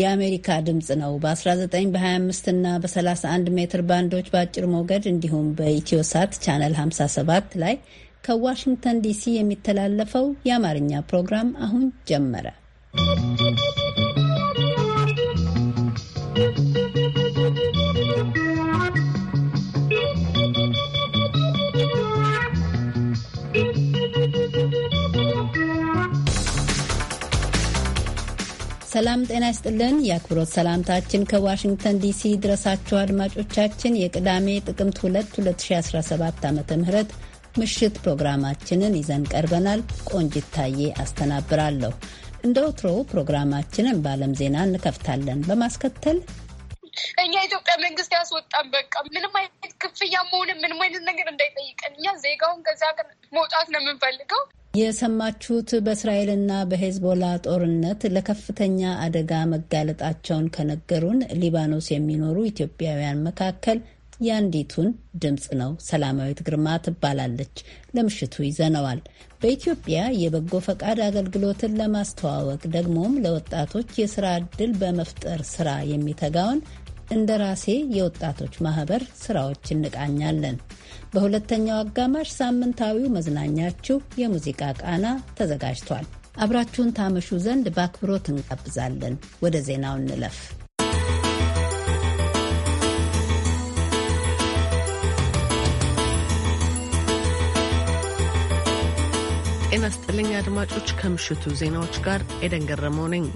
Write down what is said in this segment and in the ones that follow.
የአሜሪካ ድምፅ ነው። በ19 በ25 እና በ31 ሜትር ባንዶች በአጭር ሞገድ እንዲሁም በኢትዮሳት ቻነል 57 ላይ ከዋሽንግተን ዲሲ የሚተላለፈው የአማርኛ ፕሮግራም አሁን ጀመረ። ሰላም ጤና ይስጥልን። የአክብሮት ሰላምታችን ከዋሽንግተን ዲሲ ድረሳችሁ አድማጮቻችን። የቅዳሜ ጥቅምት 2 2017 ዓ ም ምሽት ፕሮግራማችንን ይዘን ቀርበናል። ቆንጅት ታዬ አስተናብራለሁ። እንደ ወትሮው ፕሮግራማችንን በዓለም ዜና እንከፍታለን። በማስከተል እኛ ኢትዮጵያ መንግስት ያስወጣን። በቃ ምንም አይነት ክፍያ መሆን ምንም አይነት ነገር እንዳይጠይቀን እኛ ዜጋውን ከዚ ሀገር መውጣት ነው የምንፈልገው። የሰማችሁት በእስራኤልና በሄዝቦላ ጦርነት ለከፍተኛ አደጋ መጋለጣቸውን ከነገሩን ሊባኖስ የሚኖሩ ኢትዮጵያውያን መካከል የአንዲቱን ድምፅ ነው። ሰላማዊት ግርማ ትባላለች። ለምሽቱ ይዘነዋል። በኢትዮጵያ የበጎ ፈቃድ አገልግሎትን ለማስተዋወቅ ደግሞም ለወጣቶች የስራ ዕድል በመፍጠር ስራ የሚተጋውን እንደ ራሴ የወጣቶች ማህበር ስራዎች እንቃኛለን። በሁለተኛው አጋማሽ ሳምንታዊው መዝናኛችሁ የሙዚቃ ቃና ተዘጋጅቷል። አብራችሁን ታመሹ ዘንድ በአክብሮት እንጋብዛለን። ወደ ዜናው እንለፍ። ጤና ስጥልኝ አድማጮች፣ ከምሽቱ ዜናዎች ጋር ኤደን ገረመው ነኝ።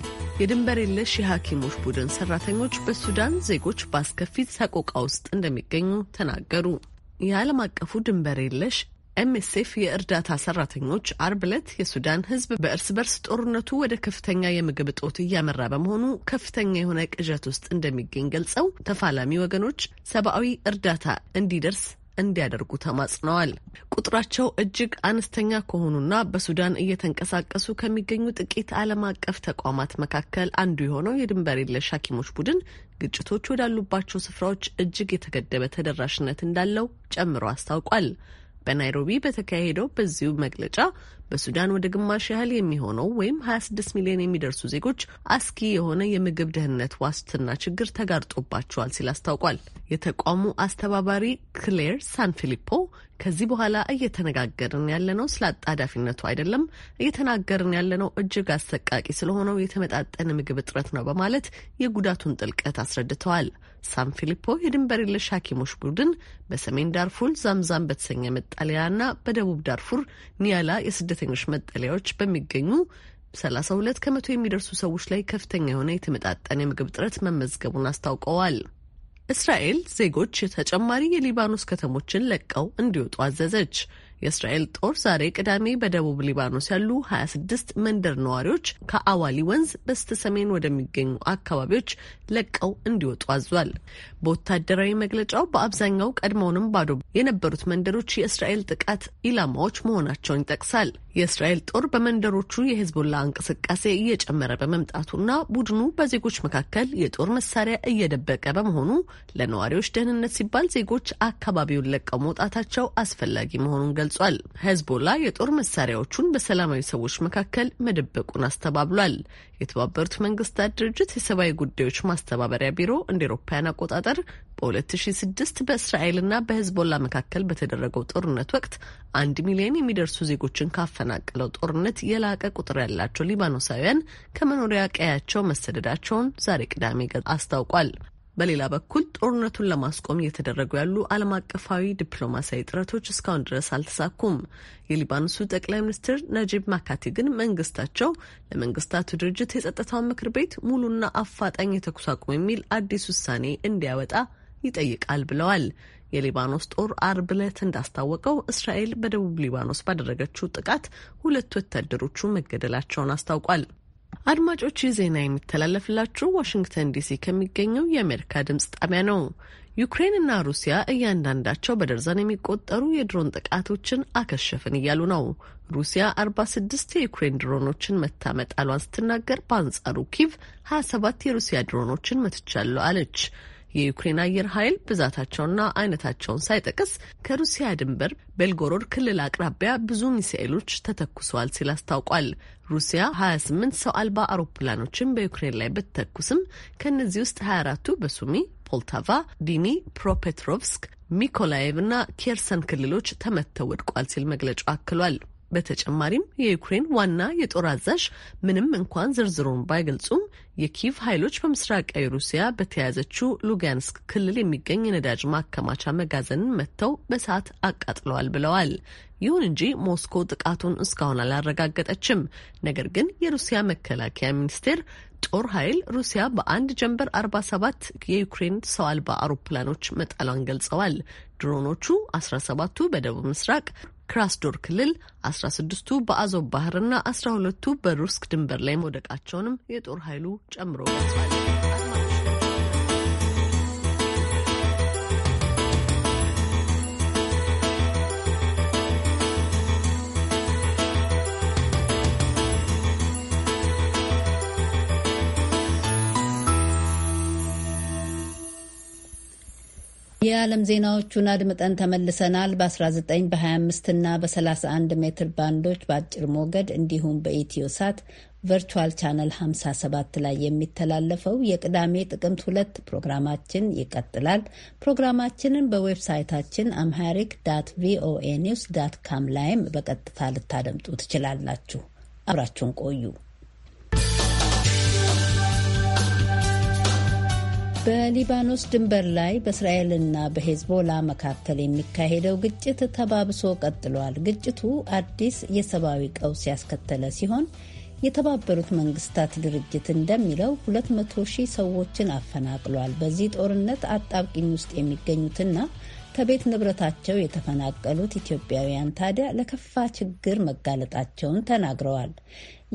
የድንበር የለሽ የሐኪሞች ቡድን ሰራተኞች በሱዳን ዜጎች በአስከፊ ሰቆቃ ውስጥ እንደሚገኙ ተናገሩ። የዓለም አቀፉ ድንበር የለሽ ኤምኤስኤፍ የእርዳታ ሰራተኞች አርብ ዕለት የሱዳን ሕዝብ በእርስ በርስ ጦርነቱ ወደ ከፍተኛ የምግብ እጦት እያመራ በመሆኑ ከፍተኛ የሆነ ቅዠት ውስጥ እንደሚገኝ ገልጸው ተፋላሚ ወገኖች ሰብአዊ እርዳታ እንዲደርስ እንዲያደርጉ ተማጽነዋል። ቁጥራቸው እጅግ አነስተኛ ከሆኑና በሱዳን እየተንቀሳቀሱ ከሚገኙ ጥቂት ዓለም አቀፍ ተቋማት መካከል አንዱ የሆነው የድንበር የለሽ ሐኪሞች ቡድን ግጭቶች ወዳሉባቸው ስፍራዎች እጅግ የተገደበ ተደራሽነት እንዳለው ጨምሮ አስታውቋል። በናይሮቢ በተካሄደው በዚሁ መግለጫ በሱዳን ወደ ግማሽ ያህል የሚሆነው ወይም 26 ሚሊዮን የሚደርሱ ዜጎች አስጊ የሆነ የምግብ ደህንነት ዋስትና ችግር ተጋርጦባቸዋል ሲል አስታውቋል። የተቋሙ አስተባባሪ ክሌር ሳንፊሊፖ ከዚህ በኋላ እየተነጋገርን ያለነው ስለ አጣዳፊነቱ አይደለም። እየተናገርን ያለነው እጅግ አሰቃቂ ስለሆነው የተመጣጠነ ምግብ እጥረት ነው በማለት የጉዳቱን ጥልቀት አስረድተዋል። ሳን ፊሊፖ የድንበር የለሽ ሐኪሞች ቡድን በሰሜን ዳርፉር ዛምዛም በተሰኘ መጠለያና በደቡብ ዳርፉር ኒያላ የስደተኞች መጠለያዎች በሚገኙ 32 ከመቶ የሚደርሱ ሰዎች ላይ ከፍተኛ የሆነ የተመጣጠነ የምግብ እጥረት መመዝገቡን አስታውቀዋል። እስራኤል ዜጎች ተጨማሪ የሊባኖስ ከተሞችን ለቀው እንዲወጡ አዘዘች። የእስራኤል ጦር ዛሬ ቅዳሜ በደቡብ ሊባኖስ ያሉ 26 መንደር ነዋሪዎች ከአዋሊ ወንዝ በስተ ሰሜን ወደሚገኙ አካባቢዎች ለቀው እንዲወጡ አዟል። በወታደራዊ መግለጫው በአብዛኛው ቀድሞውንም ባዶ የነበሩት መንደሮች የእስራኤል ጥቃት ኢላማዎች መሆናቸውን ይጠቅሳል። የእስራኤል ጦር በመንደሮቹ የህዝቡላ እንቅስቃሴ እየጨመረ በመምጣቱና ቡድኑ በዜጎች መካከል የጦር መሳሪያ እየደበቀ በመሆኑ ለነዋሪዎች ደህንነት ሲባል ዜጎች አካባቢውን ለቀው መውጣታቸው አስፈላጊ መሆኑን ገልጿል። ገልጿል። ሄዝቦላ የጦር መሳሪያዎቹን በሰላማዊ ሰዎች መካከል መደበቁን አስተባብሏል። የተባበሩት መንግስታት ድርጅት የሰብአዊ ጉዳዮች ማስተባበሪያ ቢሮ እንደ ኤሮፓውያን አቆጣጠር በ2006 በእስራኤልና በሄዝቦላ መካከል በተደረገው ጦርነት ወቅት አንድ ሚሊዮን የሚደርሱ ዜጎችን ካፈናቀለው ጦርነት የላቀ ቁጥር ያላቸው ሊባኖሳውያን ከመኖሪያ ቀያቸው መሰደዳቸውን ዛሬ ቅዳሜ አስታውቋል። በሌላ በኩል ጦርነቱን ለማስቆም እየተደረጉ ያሉ ዓለም አቀፋዊ ዲፕሎማሲያዊ ጥረቶች እስካሁን ድረስ አልተሳኩም። የሊባኖሱ ጠቅላይ ሚኒስትር ነጂብ ማካቲ ግን መንግስታቸው ለመንግስታቱ ድርጅት የጸጥታው ምክር ቤት ሙሉና አፋጣኝ የተኩስ አቁም የሚል አዲስ ውሳኔ እንዲያወጣ ይጠይቃል ብለዋል። የሊባኖስ ጦር አርብ ዕለት እንዳስታወቀው እስራኤል በደቡብ ሊባኖስ ባደረገችው ጥቃት ሁለት ወታደሮቹ መገደላቸውን አስታውቋል። አድማጮች ይህ ዜና የሚተላለፍላችሁ ዋሽንግተን ዲሲ ከሚገኘው የአሜሪካ ድምጽ ጣቢያ ነው። ዩክሬንና ሩሲያ እያንዳንዳቸው በደርዘን የሚቆጠሩ የድሮን ጥቃቶችን አከሸፍን እያሉ ነው። ሩሲያ 46 የዩክሬን ድሮኖችን መታመጣሏን ስትናገር፣ በአንጻሩ ኪቭ 27 የሩሲያ ድሮኖችን መትቻለሁ አለች። የዩክሬን አየር ኃይል ብዛታቸውና አይነታቸውን ሳይጠቅስ ከሩሲያ ድንበር ቤልጎሮድ ክልል አቅራቢያ ብዙ ሚሳኤሎች ተተኩሰዋል ሲል አስታውቋል። ሩሲያ 28 ሰው አልባ አውሮፕላኖችን በዩክሬን ላይ ብትተኩስም ከእነዚህ ውስጥ 24ቱ በሱሚ፣ ፖልታቫ፣ ዲኒ፣ ፕሮፔትሮቭስክ፣ ሚኮላየቭ እና ኬርሰን ክልሎች ተመተው ወድቋል ሲል መግለጫው አክሏል። በተጨማሪም የዩክሬን ዋና የጦር አዛዥ ምንም እንኳን ዝርዝሩን ባይገልጹም የኪቭ ኃይሎች በምስራቃዊ ሩሲያ በተያያዘችው ሉጋንስክ ክልል የሚገኝ የነዳጅ ማከማቻ መጋዘንን መጥተው በሰዓት አቃጥለዋል ብለዋል። ይሁን እንጂ ሞስኮ ጥቃቱን እስካሁን አላረጋገጠችም። ነገር ግን የሩሲያ መከላከያ ሚኒስቴር ጦር ኃይል ሩሲያ በአንድ ጀንበር 47 የዩክሬን ሰው አልባ አውሮፕላኖች መጣሏን ገልጸዋል። ድሮኖቹ 17ቱ በደቡብ ምስራቅ ክራስዶር ክልል 16ቱ በአዞብ ባህርና 12ቱ በሩስክ ድንበር ላይ መውደቃቸውንም የጦር ኃይሉ ጨምሮ ገልጿል። የዓለም ዜናዎቹን አድምጠን ተመልሰናል። በ19 በ25 እና በ31 ሜትር ባንዶች በአጭር ሞገድ እንዲሁም በኢትዮ ሳት ቨርቹዋል ቻነል 57 ላይ የሚተላለፈው የቅዳሜ ጥቅምት ሁለት ፕሮግራማችን ይቀጥላል። ፕሮግራማችንን በዌብሳይታችን አምሃሪክ ዳት ቪኦኤ ኒውስ ዳት ካም ላይም በቀጥታ ልታደምጡ ትችላላችሁ። አብራችሁን ቆዩ። በሊባኖስ ድንበር ላይ በእስራኤልና በሄዝቦላ መካከል የሚካሄደው ግጭት ተባብሶ ቀጥሏል። ግጭቱ አዲስ የሰብአዊ ቀውስ ያስከተለ ሲሆን የተባበሩት መንግስታት ድርጅት እንደሚለው 200 ሺህ ሰዎችን አፈናቅሏል። በዚህ ጦርነት አጣብቂኝ ውስጥ የሚገኙትና ከቤት ንብረታቸው የተፈናቀሉት ኢትዮጵያውያን ታዲያ ለከፋ ችግር መጋለጣቸውን ተናግረዋል።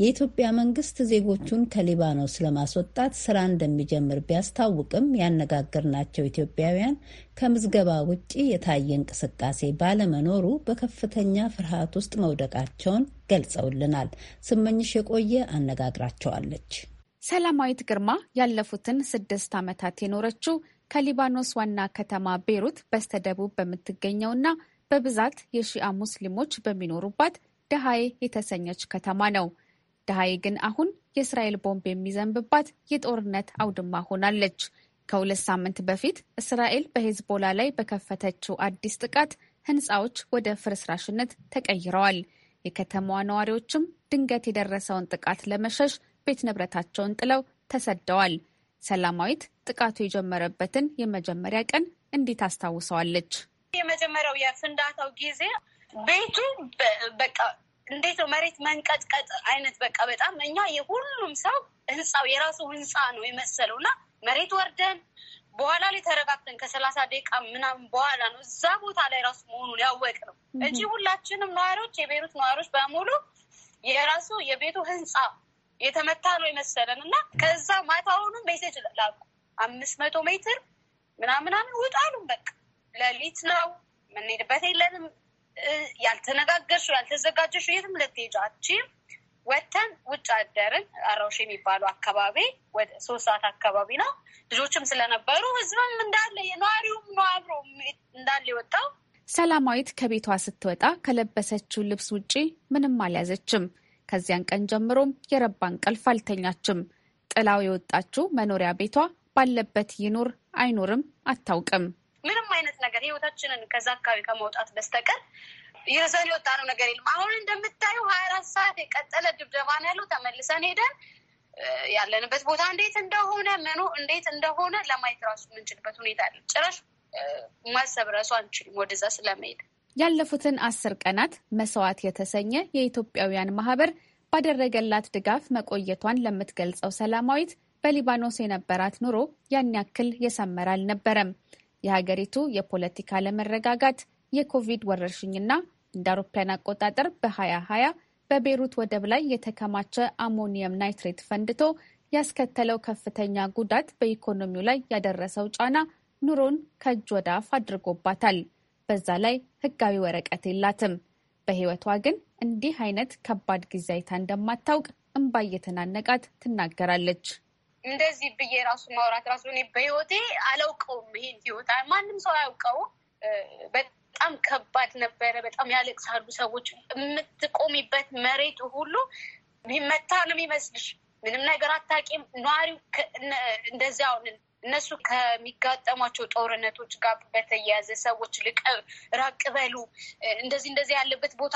የኢትዮጵያ መንግስት ዜጎቹን ከሊባኖስ ለማስወጣት ስራ እንደሚጀምር ቢያስታውቅም ያነጋገርናቸው ኢትዮጵያውያን ከምዝገባ ውጪ የታየ እንቅስቃሴ ባለመኖሩ በከፍተኛ ፍርሃት ውስጥ መውደቃቸውን ገልጸውልናል። ስመኝሽ የቆየ አነጋግራቸዋለች። ሰላማዊት ግርማ ያለፉትን ስድስት ዓመታት የኖረችው ከሊባኖስ ዋና ከተማ ቤሩት በስተደቡብ በምትገኘውና በብዛት የሺአ ሙስሊሞች በሚኖሩባት ደሃዬ የተሰኘች ከተማ ነው። ድሃይ ግን አሁን የእስራኤል ቦምብ የሚዘንብባት የጦርነት አውድማ ሆናለች። ከሁለት ሳምንት በፊት እስራኤል በሄዝቦላ ላይ በከፈተችው አዲስ ጥቃት ህንፃዎች ወደ ፍርስራሽነት ተቀይረዋል። የከተማዋ ነዋሪዎችም ድንገት የደረሰውን ጥቃት ለመሸሽ ቤት ንብረታቸውን ጥለው ተሰደዋል። ሰላማዊት ጥቃቱ የጀመረበትን የመጀመሪያ ቀን እንዴት አስታውሰዋለች? የመጀመሪያው የፍንዳታው ጊዜ ቤቱ በቃ እንዴት ነው መሬት መንቀጥቀጥ አይነት በቃ በጣም እኛ የሁሉም ሰው ህንፃው የራሱ ህንፃ ነው የመሰለው እና መሬት ወርደን በኋላ ላይ ተረጋግተን ከሰላሳ ደቂቃ ምናምን በኋላ ነው እዛ ቦታ ላይ ራሱ መሆኑን ያወቅ ነው እንጂ ሁላችንም ነዋሪዎች የቤሩት ነዋሪዎች በሙሉ የራሱ የቤቱ ህንፃ የተመታ ነው የመሰለን እና ከዛ ማታውንም ሜሴጅ ላኩ አምስት መቶ ሜትር ምናምናምን ውጣሉም በቃ ለሊት ነው የምንሄድበት የለንም ያልተነጋገርሽ ያልተዘጋጀሽ የትም ልትሄጂ ወተን ውጭ አደርን አራውሽ የሚባሉ አካባቢ ወደ ሶስት ሰዓት አካባቢ ነው። ልጆችም ስለነበሩ ህዝብም እንዳለ ነዋሪውም ነው አብሮ እንዳለ የወጣው። ሰላማዊት ከቤቷ ስትወጣ ከለበሰችው ልብስ ውጪ ምንም አልያዘችም። ከዚያን ቀን ጀምሮም የረባ እንቅልፍ አልተኛችም። ጥላው የወጣችው መኖሪያ ቤቷ ባለበት ይኑር አይኑርም አታውቅም። ምንም አይነት ነገር ህይወታችንን ከዛ አካባቢ ከመውጣት በስተቀር ይርዘን የወጣ ነው ነገር የለም። አሁን እንደምታዩ ሀያ አራት ሰዓት የቀጠለ ድብደባ ነው ያለው። ተመልሰን ሄደን ያለንበት ቦታ እንዴት እንደሆነ ምኑ እንዴት እንደሆነ ለማየት ራሱ የምንችልበት ሁኔታ አለ። ጭራሽ ማሰብ ረሱ አንችልም ወደዛ ስለመሄድ። ያለፉትን አስር ቀናት መስዋዕት የተሰኘ የኢትዮጵያውያን ማህበር ባደረገላት ድጋፍ መቆየቷን ለምትገልጸው ሰላማዊት በሊባኖስ የነበራት ኑሮ ያን ያክል የሰመረ አልነበረም። የሀገሪቱ የፖለቲካ አለመረጋጋት፣ የኮቪድ ወረርሽኝና እንደ አውሮፓውያን አቆጣጠር በ2020 በቤሩት ወደብ ላይ የተከማቸ አሞኒየም ናይትሬት ፈንድቶ ያስከተለው ከፍተኛ ጉዳት በኢኮኖሚው ላይ ያደረሰው ጫና ኑሮን ከእጅ ወደ አፍ አድርጎባታል። በዛ ላይ ህጋዊ ወረቀት የላትም። በህይወቷ ግን እንዲህ አይነት ከባድ ጊዜ አይታ እንደማታውቅ እምባ እየተናነቃት ትናገራለች። እንደዚህ ብዬ ራሱ ማውራት ራሱ እኔ በህይወቴ አላውቀውም። ይሄን ህይወት ማንም ሰው አያውቀውም። በጣም ከባድ ነበረ። በጣም ያለቅሳሉ ሰዎች። የምትቆሚበት መሬት ሁሉ መታ ነው የሚመስልሽ። ምንም ነገር አታውቂም። ነዋሪው እንደዚያ አሁንን እነሱ ከሚጋጠሟቸው ጦርነቶች ጋር በተያያዘ ሰዎች ልቀ ራቅ በሉ እንደዚህ እንደዚህ ያለበት ቦታ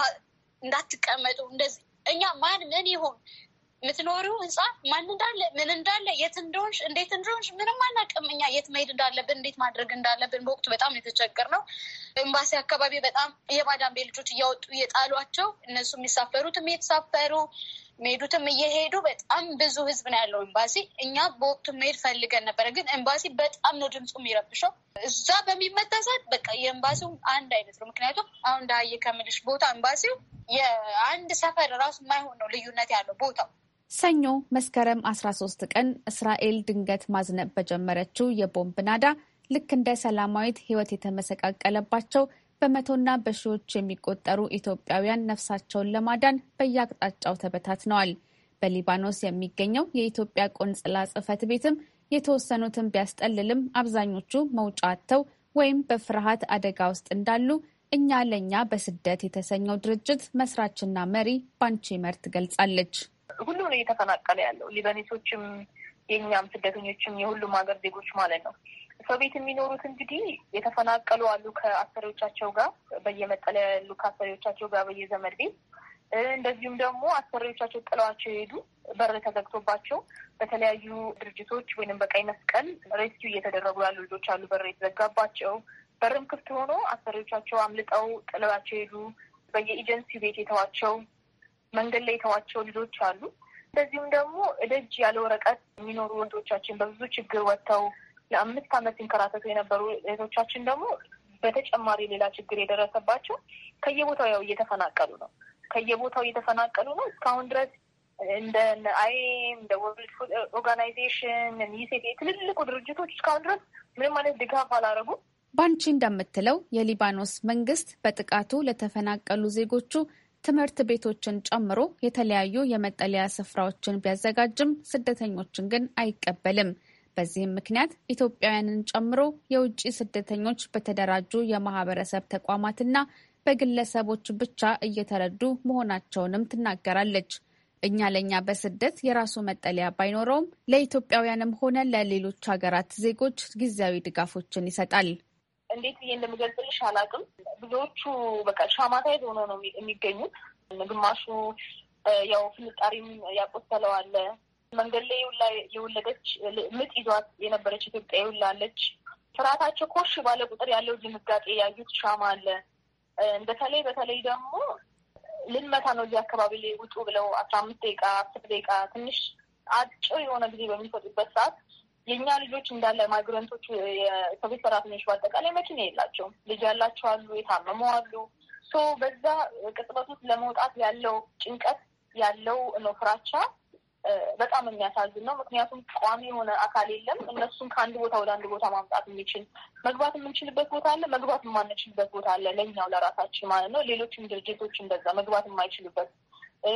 እንዳትቀመጡ እንደዚህ እኛ ማን ምን ይሁን የምትኖሪው ህንፃ ማን እንዳለ ምን እንዳለ የት እንደሆንሽ እንዴት እንደሆንሽ ምንም አናውቅም። እኛ የት መሄድ እንዳለብን እንዴት ማድረግ እንዳለብን በወቅቱ በጣም የተቸገር ነው። ኤምባሲ አካባቢ በጣም የባዳንቤ ልጆች እያወጡ እየጣሏቸው እነሱ የሚሳፈሩትም እየተሳፈሩ የሚሄዱትም እየሄዱ በጣም ብዙ ህዝብ ነው ያለው ኤምባሲ። እኛ በወቅቱ መሄድ ፈልገን ነበረ፣ ግን ኤምባሲ በጣም ነው ድምፁ የሚረብሸው። እዛ በሚመታ በቃ የኤምባሲው አንድ አይነት ነው። ምክንያቱም አሁን እንዳየ ከምልሽ ቦታ ኤምባሲው የአንድ ሰፈር ራሱ የማይሆን ነው ልዩነት ያለው ቦታው ሰኞ መስከረም 13 ቀን እስራኤል ድንገት ማዝነብ በጀመረችው የቦምብ ናዳ ልክ እንደ ሰላማዊት ሕይወት የተመሰቃቀለባቸው በመቶና በሺዎች የሚቆጠሩ ኢትዮጵያውያን ነፍሳቸውን ለማዳን በየአቅጣጫው ተበታትነዋል። በሊባኖስ የሚገኘው የኢትዮጵያ ቆንጽላ ጽሕፈት ቤትም የተወሰኑትን ቢያስጠልልም አብዛኞቹ መውጫ አጥተው ወይም በፍርሃት አደጋ ውስጥ እንዳሉ እኛ ለእኛ በስደት የተሰኘው ድርጅት መስራችና መሪ ባንቺ መር ትገልጻለች። ሁሉም ነው እየተፈናቀለ ያለው። ሊበኔሶችም፣ የእኛም ስደተኞችም የሁሉም ሀገር ዜጎች ማለት ነው። ሰው ቤት የሚኖሩት እንግዲህ የተፈናቀሉ አሉ ከአሰሪዎቻቸው ጋር በየመጠለያ ያሉ ከአሰሪዎቻቸው ጋር በየዘመድ ቤት እንደዚሁም ደግሞ አሰሪዎቻቸው ጥለዋቸው የሄዱ በር ተዘግቶባቸው በተለያዩ ድርጅቶች ወይም በቀይ መስቀል ሬስኪው እየተደረጉ ያሉ ልጆች አሉ። በር የተዘጋባቸው በርም ክፍት ሆኖ አሰሪዎቻቸው አምልጠው ጥለዋቸው የሄዱ በየኤጀንሲ ቤት የተዋቸው መንገድ ላይ የተዋቸው ልጆች አሉ። እንደዚሁም ደግሞ እደጅ ያለ ወረቀት የሚኖሩ ወንዶቻችን በብዙ ችግር ወጥተው ለአምስት ዓመት ሲንከራተቱ የነበሩ እህቶቻችን ደግሞ በተጨማሪ ሌላ ችግር የደረሰባቸው ከየቦታው ያው እየተፈናቀሉ ነው። ከየቦታው እየተፈናቀሉ ነው። እስካሁን ድረስ እንደ አይኤም እንደ ወርልድ ፉድ ኦርጋናይዜሽን ዩሴፍ ትልልቁ ድርጅቶች እስካሁን ድረስ ምንም አይነት ድጋፍ አላረጉም። ባንቺ እንደምትለው የሊባኖስ መንግስት በጥቃቱ ለተፈናቀሉ ዜጎቹ ትምህርት ቤቶችን ጨምሮ የተለያዩ የመጠለያ ስፍራዎችን ቢያዘጋጅም ስደተኞችን ግን አይቀበልም። በዚህም ምክንያት ኢትዮጵያውያንን ጨምሮ የውጭ ስደተኞች በተደራጁ የማህበረሰብ ተቋማትና በግለሰቦች ብቻ እየተረዱ መሆናቸውንም ትናገራለች። እኛ ለእኛ በስደት የራሱ መጠለያ ባይኖረውም ለኢትዮጵያውያንም ሆነ ለሌሎች ሀገራት ዜጎች ጊዜያዊ ድጋፎችን ይሰጣል። እንዴት ብዬ እንደምገልጽልሽ አላውቅም። ብዙዎቹ በቃ ሻማታይዝ ሆኖ ነው የሚገኙት። ግማሹ ያው ፍንጣሪም ያቆሰለው አለ። መንገድ ላይ ውላ የወለደች ምጥ ይዟት የነበረች ኢትዮጵያ ይውላለች። ፍርሃታቸው ኮሽ ባለ ቁጥር ያለው ድንጋጤ ያዩት ሻማ አለ። በተለይ በተለይ ደግሞ ልንመታ ነው እዚህ አካባቢ ላይ ውጡ ብለው አስራ አምስት ደቂቃ አስር ደቂቃ ትንሽ አጭር የሆነ ጊዜ በሚሰጡበት ሰዓት የእኛ ልጆች እንዳለ ማይግረንቶች የቤት ሰራተኞች በአጠቃላይ መኪና የላቸውም። ልጅ ያላቸው አሉ፣ የታመሙ አሉ። ሶ በዛ ቅጽበት ውስጥ ለመውጣት ያለው ጭንቀት ያለው ነው ፍራቻ በጣም የሚያሳዝን ነው። ምክንያቱም ቋሚ የሆነ አካል የለም። እነሱን ከአንድ ቦታ ወደ አንድ ቦታ ማምጣት የሚችል መግባት የምንችልበት ቦታ አለ፣ መግባት የማንችልበት ቦታ አለ። ለእኛው ለራሳችን ማለት ነው። ሌሎችም ድርጅቶች እንደዛ መግባት የማይችሉበት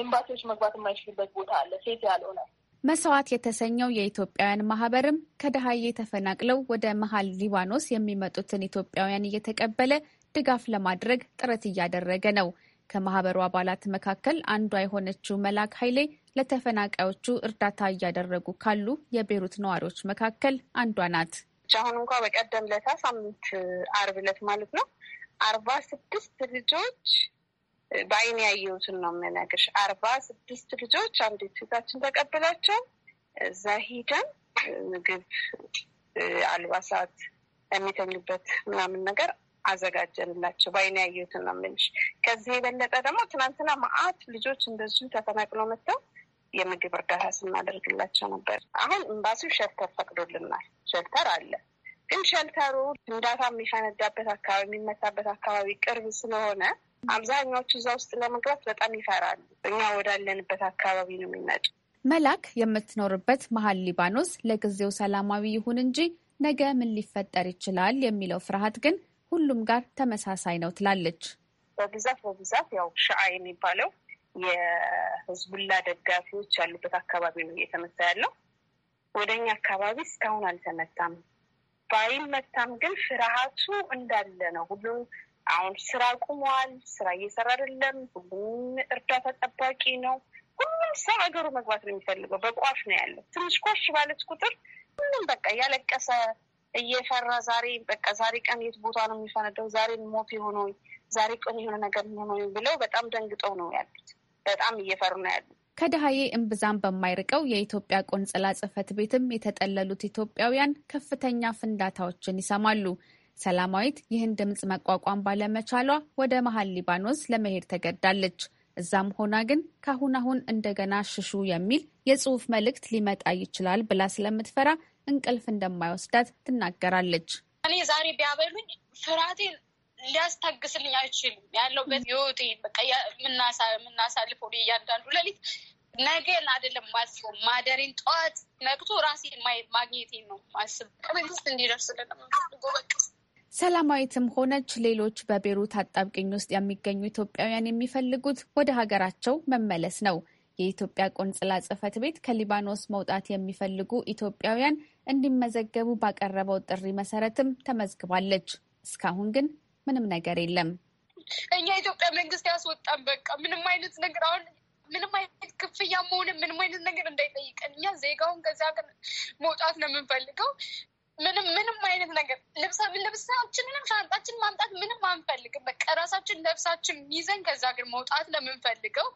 ኤምባሲዎች መግባት የማይችሉበት ቦታ አለ ሴት ያልሆነ መስዋዕት የተሰኘው የኢትዮጵያውያን ማህበርም ከደሃዬ ተፈናቅለው ወደ መሀል ሊባኖስ የሚመጡትን ኢትዮጵያውያን እየተቀበለ ድጋፍ ለማድረግ ጥረት እያደረገ ነው። ከማህበሩ አባላት መካከል አንዷ የሆነችው መላክ ኃይሌ ለተፈናቃዮቹ እርዳታ እያደረጉ ካሉ የቤሩት ነዋሪዎች መካከል አንዷ ናት። አሁን እንኳ በቀደም ለታ ሳምንት አርብ ዕለት ማለት ነው አርባ ስድስት ልጆች በአይን ያየሁትን ነው የምነግርሽ። አርባ ስድስት ልጆች አንድ እህታችን ተቀብላቸው እዛ ሂደን ምግብ፣ አልባሳት፣ የሚተኙበት ምናምን ነገር አዘጋጀንላቸው። በአይን ያየሁትን ነው የምልሽ። ከዚህ የበለጠ ደግሞ ትናንትና ማአት ልጆች እንደዚሁ ተፈናቅለው መጥተው የምግብ እርዳታ ስናደርግላቸው ነበር። አሁን ኤምባሲው ሸልተር ፈቅዶልናል። ሸልተር አለ። ግን ሸልተሩ ፍንዳታ የሚፈነዳበት አካባቢ፣ የሚመታበት አካባቢ ቅርብ ስለሆነ አብዛኛዎቹ እዛ ውስጥ ለመግባት በጣም ይፈራሉ። እኛ ወዳለንበት አካባቢ ነው የሚመጡ። መላክ የምትኖርበት መሀል ሊባኖስ ለጊዜው ሰላማዊ ይሁን እንጂ ነገ ምን ሊፈጠር ይችላል የሚለው ፍርሃት ግን ሁሉም ጋር ተመሳሳይ ነው ትላለች። በብዛት በብዛት ያው ሸአ የሚባለው የህዝቡላ ደጋፊዎች ያሉበት አካባቢ ነው እየተመታ ያለው። ወደኛ አካባቢ እስካሁን አልተመታም። ባይመታም ግን ፍርሃቱ እንዳለ ነው። ሁሉም አሁን ስራ ቁሟል። ስራ እየሰራ አይደለም። ሁሉም እርዳታ ጠባቂ ነው። ሁሉም ሰው አገሩ መግባት ነው የሚፈልገው። በቋፍ ነው ያለው። ትንሽ ኮሽ ባለት ቁጥር ሁሉም በቃ እያለቀሰ እየፈራ ዛሬ በቃ ዛሬ ቀን የት ቦታ ነው የሚፈነደው? ዛሬ ሞት የሆነ ዛሬ ቀን የሆነ ነገር ሆነ ብለው በጣም ደንግጠው ነው ያሉት። በጣም እየፈሩ ነው ያሉት። ከደሀዬ እምብዛም በማይርቀው የኢትዮጵያ ቆንጽላ ጽህፈት ቤትም የተጠለሉት ኢትዮጵያውያን ከፍተኛ ፍንዳታዎችን ይሰማሉ። ሰላማዊት ይህን ድምፅ መቋቋም ባለመቻሏ ወደ መሀል ሊባኖስ ለመሄድ ተገዳለች። እዛም ሆና ግን ካሁን አሁን እንደገና ሽሹ የሚል የጽሁፍ መልእክት ሊመጣ ይችላል ብላ ስለምትፈራ እንቅልፍ እንደማይወስዳት ትናገራለች። እኔ ዛሬ ቢያበሉኝ ፍርሃቴን ሊያስታግስልኝ አይችልም። ያለውበት ህይወቴ የምናሳልፈው እያንዳንዱ ሌሊት ነገን አይደለም ማስበው ማደሬን ጠዋት ነቅቶ ራሴ ማግኘቴን ነው ማስብ መንግስት እንዲደርስልን በቃ ሰላማዊትም ሆነች ሌሎች በቤሩት አጣብቅኝ ውስጥ የሚገኙ ኢትዮጵያውያን የሚፈልጉት ወደ ሀገራቸው መመለስ ነው። የኢትዮጵያ ቆንጽላ ጽህፈት ቤት ከሊባኖስ መውጣት የሚፈልጉ ኢትዮጵያውያን እንዲመዘገቡ ባቀረበው ጥሪ መሰረትም ተመዝግባለች። እስካሁን ግን ምንም ነገር የለም። እኛ ኢትዮጵያ መንግስት ያስወጣን በቃ ምንም አይነት ነገር አሁን ምንም አይነት ክፍያ መሆን ምንም አይነት ነገር እንዳይጠይቀን እኛ ዜጋውን ከዚ ሀገር መውጣት ነው የምንፈልገው። ምንም ምንም አይነት ነገር ልብሳ ልብሳችንንም ሻንጣችን ማምጣት ምንም አንፈልግም። በቃ ራሳችን ለብሳችን ይዘን ከዛ ግን መውጣት ለምንፈልገው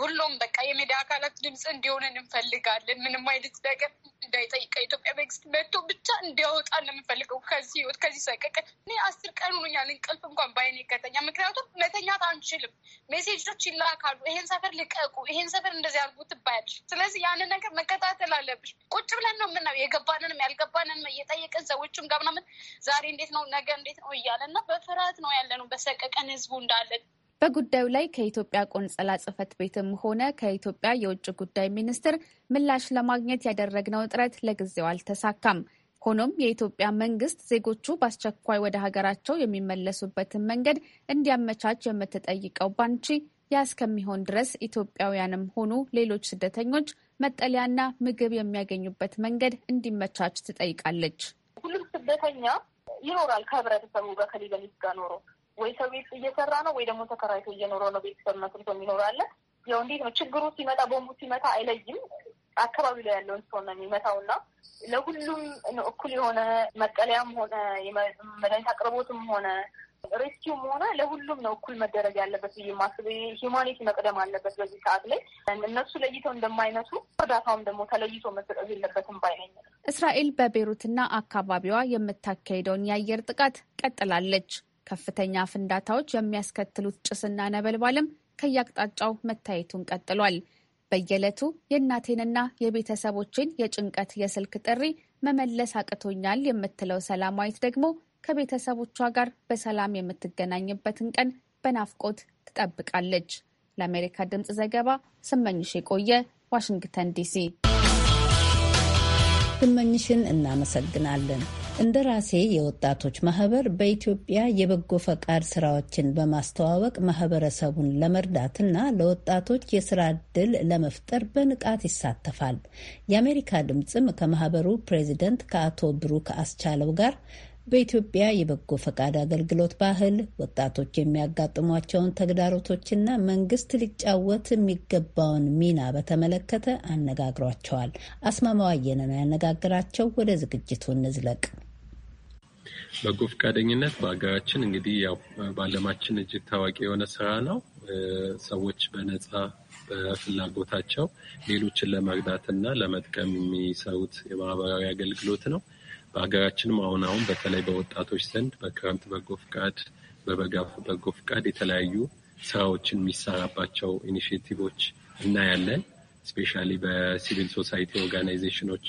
ሁሉም በቃ የሚዲያ አካላት ድምፅ እንዲሆነን እንፈልጋለን። ምንም አይነት ነገር እንዳይጠይቀ ኢትዮጵያ መንግስት መጥቶ ብቻ እንዲያወጣ እንደምንፈልገው ከዚህ ህይወት ከዚህ ሰቀቀ እኔ አስር ቀን ሆኖኛል እንቅልፍ እንኳን ባይን ይከተኛ። ምክንያቱም መተኛት አንችልም። ሜሴጆች ይላካሉ። ይሄን ሰፈር ልቀቁ፣ ይሄን ሰፈር እንደዚህ አድርጉ ትባያለሽ። ስለዚህ ያንን ነገር መከታተል አለብሽ። ቁጭ ብለን ነው የምናየው የገባንንም ያልገባንንም እየጠየቅን ሰዎችም ጋር ምናምን ዛሬ እንዴት ነው ነገ እንዴት ነው እያለ እና በፍርሃት ነው ያለነው በሰቀቀን ህዝቡ እንዳለን በጉዳዩ ላይ ከኢትዮጵያ ቆንጸላ ጽፈት ቤትም ሆነ ከኢትዮጵያ የውጭ ጉዳይ ሚኒስቴር ምላሽ ለማግኘት ያደረግነው ጥረት ለጊዜው አልተሳካም። ሆኖም የኢትዮጵያ መንግስት ዜጎቹ በአስቸኳይ ወደ ሀገራቸው የሚመለሱበትን መንገድ እንዲያመቻች የምትጠይቀው ባንቺ ያ እስከሚሆን ድረስ ኢትዮጵያውያንም ሆኑ ሌሎች ስደተኞች መጠለያና ምግብ የሚያገኙበት መንገድ እንዲመቻች ትጠይቃለች። ሁሉም ስደተኛ ይኖራል ከህብረተሰቡ በከሌ በሚስጋ ኖሮ ወይ ሰው ቤት እየሰራ ነው ወይ ደግሞ ተከራይቶ እየኖረ ነው። ቤተሰብ መስርቶ የሚኖር አለ። ያው እንዴት ነው ችግሩ ሲመጣ ቦምቡ ሲመጣ አይለይም። አካባቢ ላይ ያለውን ሰው ነው የሚመታው እና ለሁሉም እኩል የሆነ መጠለያም ሆነ መድኃኒት አቅርቦትም ሆነ ሬስኪውም ሆነ ለሁሉም ነው እኩል መደረግ ያለበት ብዬ ሂማኒቲ መቅደም አለበት በዚህ ሰዓት ላይ እነሱ ለይተው እንደማይነሱ እርዳታውም ደግሞ ተለይቶ መሰጠት የለበትም ባይነኝ። እስራኤል በቤሩትና አካባቢዋ የምታካሄደውን የአየር ጥቃት ቀጥላለች። ከፍተኛ ፍንዳታዎች የሚያስከትሉት ጭስና ነበልባልም ከየአቅጣጫው መታየቱን ቀጥሏል። በየዕለቱ የእናቴንና የቤተሰቦችን የጭንቀት የስልክ ጥሪ መመለስ አቅቶኛል የምትለው ሰላማዊት ደግሞ ከቤተሰቦቿ ጋር በሰላም የምትገናኝበትን ቀን በናፍቆት ትጠብቃለች። ለአሜሪካ ድምፅ ዘገባ ስመኝሽ የቆየ ዋሽንግተን ዲሲ። ስመኝሽን እናመሰግናለን። እንደ ራሴ የወጣቶች ማህበር በኢትዮጵያ የበጎ ፈቃድ ስራዎችን በማስተዋወቅ ማህበረሰቡን ለመርዳትና ለወጣቶች የስራ ዕድል ለመፍጠር በንቃት ይሳተፋል። የአሜሪካ ድምፅም ከማህበሩ ፕሬዚደንት ከአቶ ብሩክ አስቻለው ጋር በኢትዮጵያ የበጎ ፈቃድ አገልግሎት ባህል፣ ወጣቶች የሚያጋጥሟቸውን ተግዳሮቶችና መንግስት ሊጫወት የሚገባውን ሚና በተመለከተ አነጋግሯቸዋል። አስማማው አየነ ነው ያነጋግራቸው። ወደ ዝግጅቱ እንዝለቅ። በጎ ፈቃደኝነት በሀገራችን እንግዲህ ያው በዓለማችን እጅግ ታዋቂ የሆነ ስራ ነው። ሰዎች በነፃ በፍላጎታቸው ሌሎችን ለመርዳት ለመጥቀም የሚሰሩት የማህበራዊ አገልግሎት ነው። በሀገራችንም አሁን አሁን በተለይ በወጣቶች ዘንድ በክረምት በጎ ፍቃድ፣ በበጋ በጎ ፍቃድ የተለያዩ ስራዎችን የሚሰራባቸው ኢኒሽቲቮች እናያለን። ስፔሻሊ በሲቪል ሶሳይቲ ኦርጋናይዜሽኖች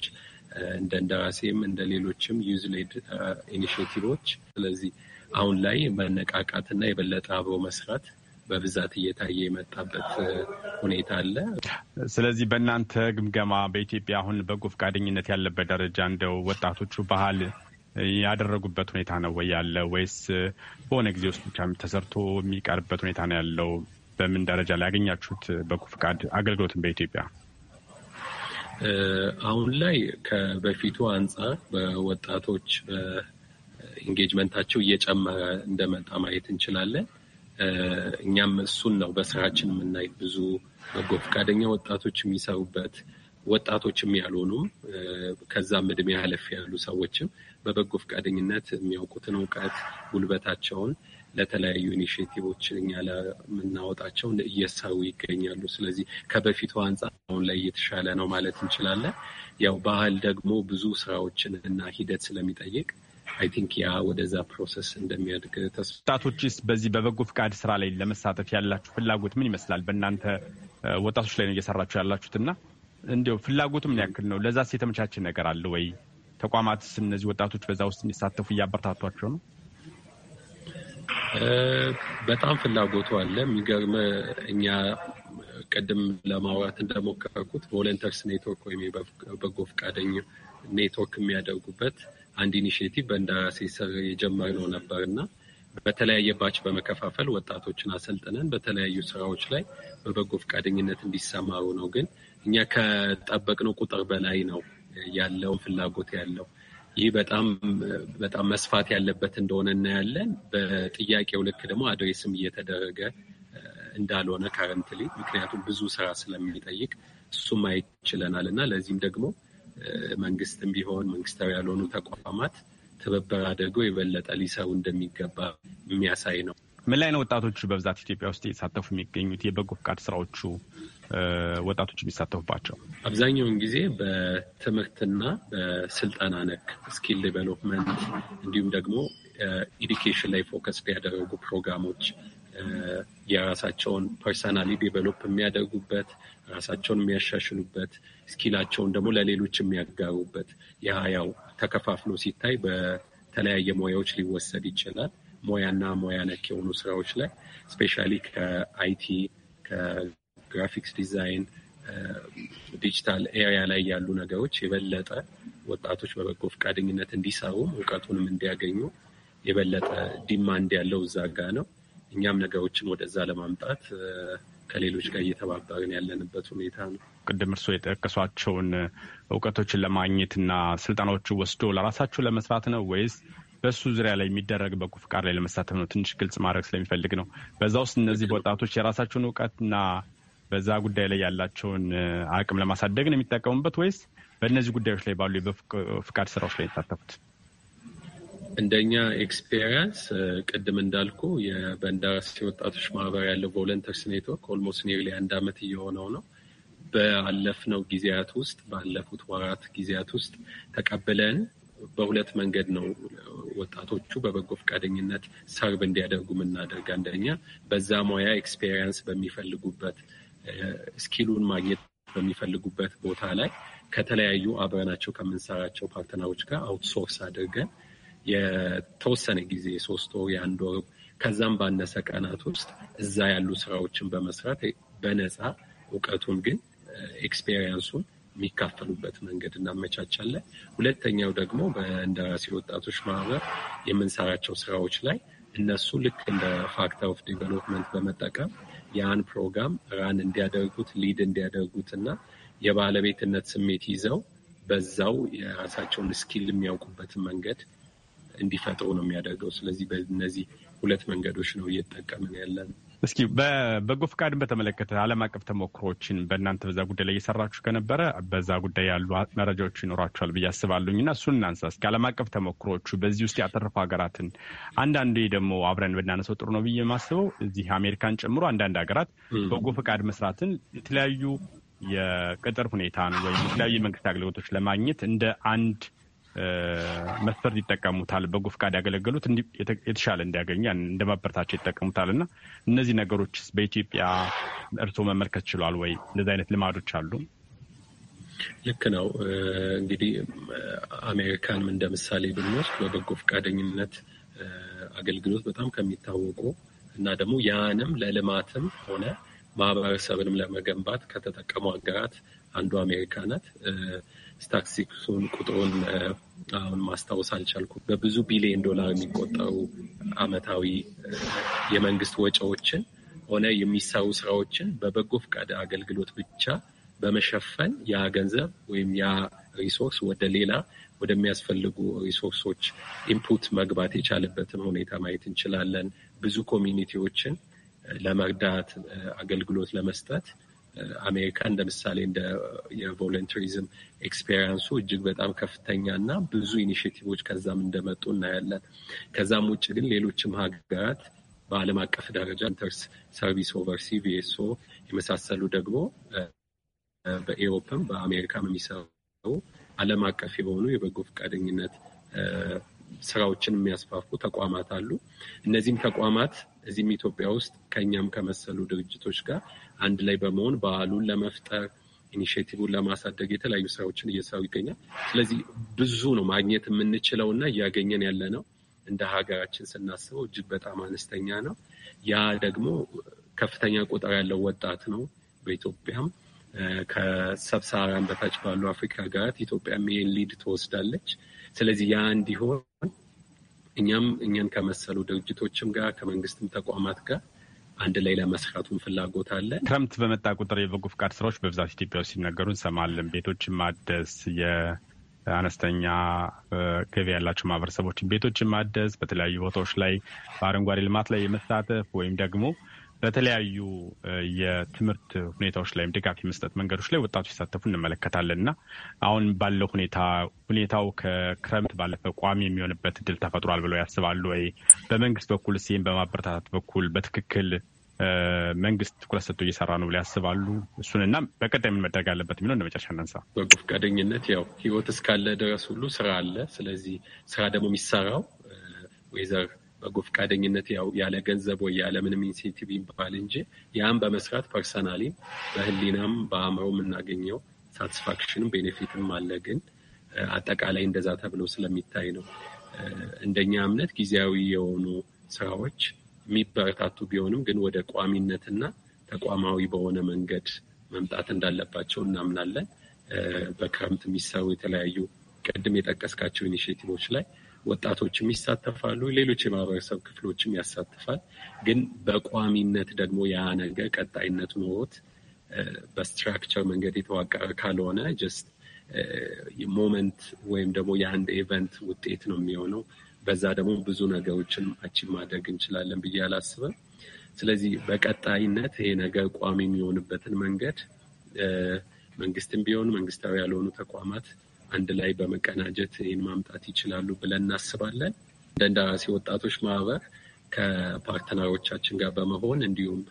እንደ እንደራሴም እንደ ሌሎችም ዩዝሌድ ሌድ ኢኒሽቲቮች ስለዚህ አሁን ላይ መነቃቃትና የበለጠ አብሮ መስራት በብዛት እየታየ የመጣበት uh, ሁኔታ አለ። ስለዚህ በእናንተ ግምገማ በኢትዮጵያ አሁን በጎ ፈቃደኝነት ያለበት ደረጃ እንደው ወጣቶቹ ባህል ያደረጉበት ሁኔታ ነው ወይ ያለ ወይስ በሆነ ጊዜ ውስጥ ብቻ ተሰርቶ የሚቀርበት ሁኔታ ነው ያለው? በምን ደረጃ ላይ ያገኛችሁት በጎ ፈቃድ አገልግሎትን በኢትዮጵያ አሁን ላይ ከበፊቱ አንጻር በወጣቶች ኢንጌጅመንታቸው እየጨመረ እንደመጣ ማየት እንችላለን። እኛም እሱን ነው በስራችን የምናይ። ብዙ በጎ ፈቃደኛ ወጣቶች የሚሰሩበት ወጣቶችም ያልሆኑም ከዛም እድሜ አለፍ ያሉ ሰዎችም በበጎ ፈቃደኝነት የሚያውቁትን እውቀት ጉልበታቸውን ለተለያዩ ኢኒሽቲቮች እኛ ለምናወጣቸው እየሳቡ ይገኛሉ። ስለዚህ ከበፊቱ አንጻር አሁን ላይ እየተሻለ ነው ማለት እንችላለን። ያው ባህል ደግሞ ብዙ ስራዎችን እና ሂደት ስለሚጠይቅ አይ ቲንክ ያ ወደዛ ፕሮሰስ እንደሚያድግ ተስፋ። ወጣቶችስ በዚህ በበጎ ፍቃድ ስራ ላይ ለመሳተፍ ያላችሁ ፍላጎት ምን ይመስላል? በእናንተ ወጣቶች ላይ ነው እየሰራችሁ ያላችሁት እና እንዲያው ፍላጎቱ ምን ያክል ነው? ለዛስ የተመቻቸ ነገር አለ ወይ? ተቋማትስ እነዚህ ወጣቶች በዛ ውስጥ እንዲሳተፉ እያበረታቷቸው ነው? በጣም ፍላጎቱ አለ። የሚገርመ እኛ ቅድም ለማውራት እንደሞከርኩት ቮለንተርስ ኔትወርክ ወይም በጎ ፈቃደኝ ኔትወርክ የሚያደርጉበት አንድ ኢኒሽቲቭ በእንደራሴ ስር የጀመርነው ነበር እና በተለያየ ባች በመከፋፈል ወጣቶችን አሰልጥነን በተለያዩ ስራዎች ላይ በበጎ ፈቃደኝነት እንዲሰማሩ ነው። ግን እኛ ከጠበቅነው ቁጥር በላይ ነው ያለውን ፍላጎት ያለው ይህ በጣም በጣም መስፋት ያለበት እንደሆነ እናያለን። በጥያቄው ልክ ደግሞ አድሬስም እየተደረገ እንዳልሆነ ካረንትሊ፣ ምክንያቱም ብዙ ስራ ስለሚጠይቅ እሱም ማየት ችለናል እና ለዚህም ደግሞ መንግስትም ቢሆን መንግስታዊ ያልሆኑ ተቋማት ትብብር አድርገው የበለጠ ሊሰሩ እንደሚገባ የሚያሳይ ነው። ምን ላይ ነው ወጣቶቹ በብዛት ኢትዮጵያ ውስጥ እየተሳተፉ የሚገኙት? የበጎ ፍቃድ ስራዎቹ ወጣቶች የሚሳተፉባቸው አብዛኛውን ጊዜ በትምህርትና በስልጠና ነክ ስኪል ዴቨሎፕመንት እንዲሁም ደግሞ ኢዲኬሽን ላይ ፎከስ ያደረጉ ፕሮግራሞች የራሳቸውን ፐርሰናሊ ዴቨሎፕ የሚያደርጉበት ራሳቸውን የሚያሻሽሉበት ስኪላቸውን ደግሞ ለሌሎች የሚያጋሩበት የሀያው ተከፋፍሎ ሲታይ በተለያየ ሙያዎች ሊወሰድ ይችላል። ሙያና ሙያ ነክ የሆኑ ስራዎች ላይ ስፔሻሊ ከአይቲ ግራፊክስ ዲዛይን፣ ዲጂታል ኤሪያ ላይ ያሉ ነገሮች የበለጠ ወጣቶች በበጎ ፈቃደኝነት እንዲሰሩ እውቀቱንም እንዲያገኙ የበለጠ ዲማንድ ያለው እዛ ጋ ነው። እኛም ነገሮችን ወደዛ ለማምጣት uh, ከሌሎች ጋር እየተባበርን ያለንበት ሁኔታ ነው። ቅድም እርስዎ የጠቀሷቸውን እውቀቶችን ለማግኘትና ስልጠናዎቹ ወስዶ ለራሳቸው ለመስራት ነው ወይስ በእሱ ዙሪያ ላይ የሚደረግ በጎ ፍቃድ ላይ ለመሳተፍ ነው? ትንሽ ግልጽ ማድረግ ስለሚፈልግ ነው። በዛ ውስጥ እነዚህ ወጣቶች የራሳቸውን እውቀትና በዛ ጉዳይ ላይ ያላቸውን አቅም ለማሳደግ ነው የሚጠቀሙበት ወይስ በእነዚህ ጉዳዮች ላይ ባሉ በፍቃድ ስራዎች ላይ የተሳተፉት? እንደኛ ኤክስፔሪንስ ቅድም እንዳልኩ በእንደራሴ ወጣቶች ማህበር ያለው ቮለንተርስ ኔትወርክ ኦልሞስት ኒርሊ አንድ ዓመት እየሆነው ነው። በአለፍነው ጊዜያት ውስጥ ባለፉት ወራት ጊዜያት ውስጥ ተቀብለን በሁለት መንገድ ነው ወጣቶቹ በበጎ ፈቃደኝነት ሰርብ እንዲያደርጉ የምናደርግ። አንደኛ በዛ ሙያ ኤክስፔሪንስ በሚፈልጉበት ስኪሉን ማግኘት በሚፈልጉበት ቦታ ላይ ከተለያዩ አብረናቸው ከምንሰራቸው ፓርትነሮች ጋር አውትሶርስ አድርገን የተወሰነ ጊዜ ሶስት ወር የአንድ ወር ከዛም ባነሰ ቀናት ውስጥ እዛ ያሉ ስራዎችን በመስራት በነፃ እውቀቱን ግን ኤክስፔሪንሱን የሚካፈሉበት መንገድ እናመቻቻለን። ሁለተኛው ደግሞ በእንደራሴ ወጣቶች ማህበር የምንሰራቸው ስራዎች ላይ እነሱ ልክ እንደ ፋክተር ኦፍ ዲቨሎፕመንት በመጠቀም ያን ፕሮግራም ራን እንዲያደርጉት ሊድ እንዲያደርጉት እና የባለቤትነት ስሜት ይዘው በዛው የራሳቸውን ስኪል የሚያውቁበትን መንገድ እንዲፈጥሩ ነው የሚያደርገው። ስለዚህ በእነዚህ ሁለት መንገዶች ነው እየተጠቀምን ያለን። እስኪ በበጎ ፍቃድን በተመለከተ ዓለም አቀፍ ተሞክሮችን በእናንተ በዛ ጉዳይ ላይ እየሰራችሁ ከነበረ በዛ ጉዳይ ያሉ መረጃዎች ይኖራችኋል ብዬ አስባለሁኝ እና እሱን እናንሳ እስኪ ዓለም አቀፍ ተሞክሮቹ በዚህ ውስጥ ያተረፉ ሀገራትን አንዳንዴ ደግሞ አብረን ብናነሰው ጥሩ ነው ብዬ የማስበው እዚህ አሜሪካን ጨምሮ አንዳንድ ሀገራት በጎ ፍቃድ መስራትን የተለያዩ የቅጥር ሁኔታን ወይም የተለያዩ የመንግስት አገልግሎቶች ለማግኘት እንደ አንድ መስፈርት ይጠቀሙታል። በጎ ፈቃድ ያገለገሉት የተሻለ እንዲያገኙ እንደ ማበረታቸው ይጠቀሙታል። እና እነዚህ ነገሮችስ በኢትዮጵያ እርስዎ መመልከት ችሏል ወይ? እንደዚህ አይነት ልማዶች አሉ? ልክ ነው። እንግዲህ አሜሪካንም እንደ ምሳሌ ብንወስድ በበጎ ፈቃደኝነት አገልግሎት በጣም ከሚታወቁ እና ደግሞ ያንም ለልማትም ሆነ ማህበረሰብንም ለመገንባት ከተጠቀሙ ሀገራት አንዱ አሜሪካ ናት። ስታክሲክሱን ቁጥሩን አሁን ማስታወስ አልቻልኩ። በብዙ ቢሊዮን ዶላር የሚቆጠሩ አመታዊ የመንግስት ወጪዎችን ሆነ የሚሰሩ ስራዎችን በበጎ ፈቃድ አገልግሎት ብቻ በመሸፈን ያ ገንዘብ ወይም ያ ሪሶርስ ወደ ሌላ ወደሚያስፈልጉ ሪሶርሶች ኢንፑት መግባት የቻለበትን ሁኔታ ማየት እንችላለን። ብዙ ኮሚኒቲዎችን ለመርዳት አገልግሎት ለመስጠት አሜሪካ እንደ ምሳሌ እንደ የቮለንተሪዝም ኤክስፔሪንሱ እጅግ በጣም ከፍተኛ እና ብዙ ኢኒሽቲቮች ከዛም እንደመጡ እናያለን። ከዛም ውጭ ግን ሌሎችም ሀገራት በዓለም አቀፍ ደረጃ ኢንተርስ ሰርቪስ ኦቨርሲ ቪኤስኦ የመሳሰሉ ደግሞ በኤሮፕም በአሜሪካም የሚሰሩ ዓለም አቀፍ የሆኑ የበጎ ፈቃደኝነት ስራዎችን የሚያስፋፉ ተቋማት አሉ። እነዚህም ተቋማት እዚህም ኢትዮጵያ ውስጥ ከኛም ከመሰሉ ድርጅቶች ጋር አንድ ላይ በመሆን በዓሉን ለመፍጠር ኢኒሽቲቭን ለማሳደግ የተለያዩ ስራዎችን እየሰሩ ይገኛል። ስለዚህ ብዙ ነው ማግኘት የምንችለው እና እያገኘን ያለ ነው። እንደ ሀገራችን ስናስበው እጅግ በጣም አነስተኛ ነው። ያ ደግሞ ከፍተኛ ቁጥር ያለው ወጣት ነው። በኢትዮጵያም ከሰብሳራን በታች ባሉ አፍሪካ ሀገራት ኢትዮጵያም ይህን ሊድ ትወስዳለች። ስለዚህ ያ እንዲሆን እኛም እኛን ከመሰሉ ድርጅቶችም ጋር ከመንግስትም ተቋማት ጋር አንድ ላይ ለመስራቱን ፍላጎት አለ። ክረምት በመጣ ቁጥር የበጎ ፍቃድ ስራዎች በብዛት ኢትዮጵያ ውስጥ ሲነገሩ እንሰማለን። ቤቶችን ማደስ፣ የአነስተኛ ገቢ ያላቸው ማህበረሰቦችን ቤቶችን ማደስ፣ በተለያዩ ቦታዎች ላይ በአረንጓዴ ልማት ላይ የመሳተፍ ወይም ደግሞ በተለያዩ የትምህርት ሁኔታዎች ላይም ድጋፍ የመስጠት መንገዶች ላይ ወጣቶች ሲሳተፉ እንመለከታለን እና አሁን ባለው ሁኔታ ሁኔታው ከክረምት ባለፈ ቋሚ የሚሆንበት እድል ተፈጥሯል ብለው ያስባሉ ወይ? በመንግስት በኩል ሲም በማበረታታት በኩል በትክክል መንግስት ትኩረት ሰጥቶ እየሰራ ነው ብለው ያስባሉ? እሱንና በቀጣይ ምን መደረግ አለበት የሚለው እንደ መጨረሻ እናንሳ። በጎ ፈቃደኝነት ያው ህይወት እስካለ ድረስ ሁሉ ስራ አለ። ስለዚህ ስራ ደግሞ የሚሰራው ወይዘር በጎ ፈቃደኝነት ያለ ገንዘብ ወይ ያለ ምንም ኢንሴንቲቭ ይባል እንጂ ያን በመስራት ፐርሰናሊ በህሊናም በአእምሮ የምናገኘው ሳቲስፋክሽንም ቤኔፊትም አለ። ግን አጠቃላይ እንደዛ ተብሎ ስለሚታይ ነው እንደኛ እምነት ጊዜያዊ የሆኑ ስራዎች የሚበረታቱ ቢሆንም ግን ወደ ቋሚነትና ተቋማዊ በሆነ መንገድ መምጣት እንዳለባቸው እናምናለን። በክረምት የሚሰሩ የተለያዩ ቅድም የጠቀስካቸው ኢኒሽቲቮች ላይ ወጣቶችም ይሳተፋሉ፣ ሌሎች የማህበረሰብ ክፍሎችም ያሳትፋል። ግን በቋሚነት ደግሞ ያ ነገር ቀጣይነት ኖሮት በስትራክቸር መንገድ የተዋቀረ ካልሆነ ጀስት ሞመንት ወይም ደግሞ የአንድ ኢቨንት ውጤት ነው የሚሆነው። በዛ ደግሞ ብዙ ነገሮችን አቺቭ ማድረግ እንችላለን ብዬ አላስብም። ስለዚህ በቀጣይነት ይሄ ነገር ቋሚ የሚሆንበትን መንገድ መንግስትም ቢሆን መንግስታዊ ያልሆኑ ተቋማት አንድ ላይ በመቀናጀት ይህን ማምጣት ይችላሉ ብለን እናስባለን። እንደንዳሴ ወጣቶች ማህበር ከፓርትነሮቻችን ጋር በመሆን እንዲሁም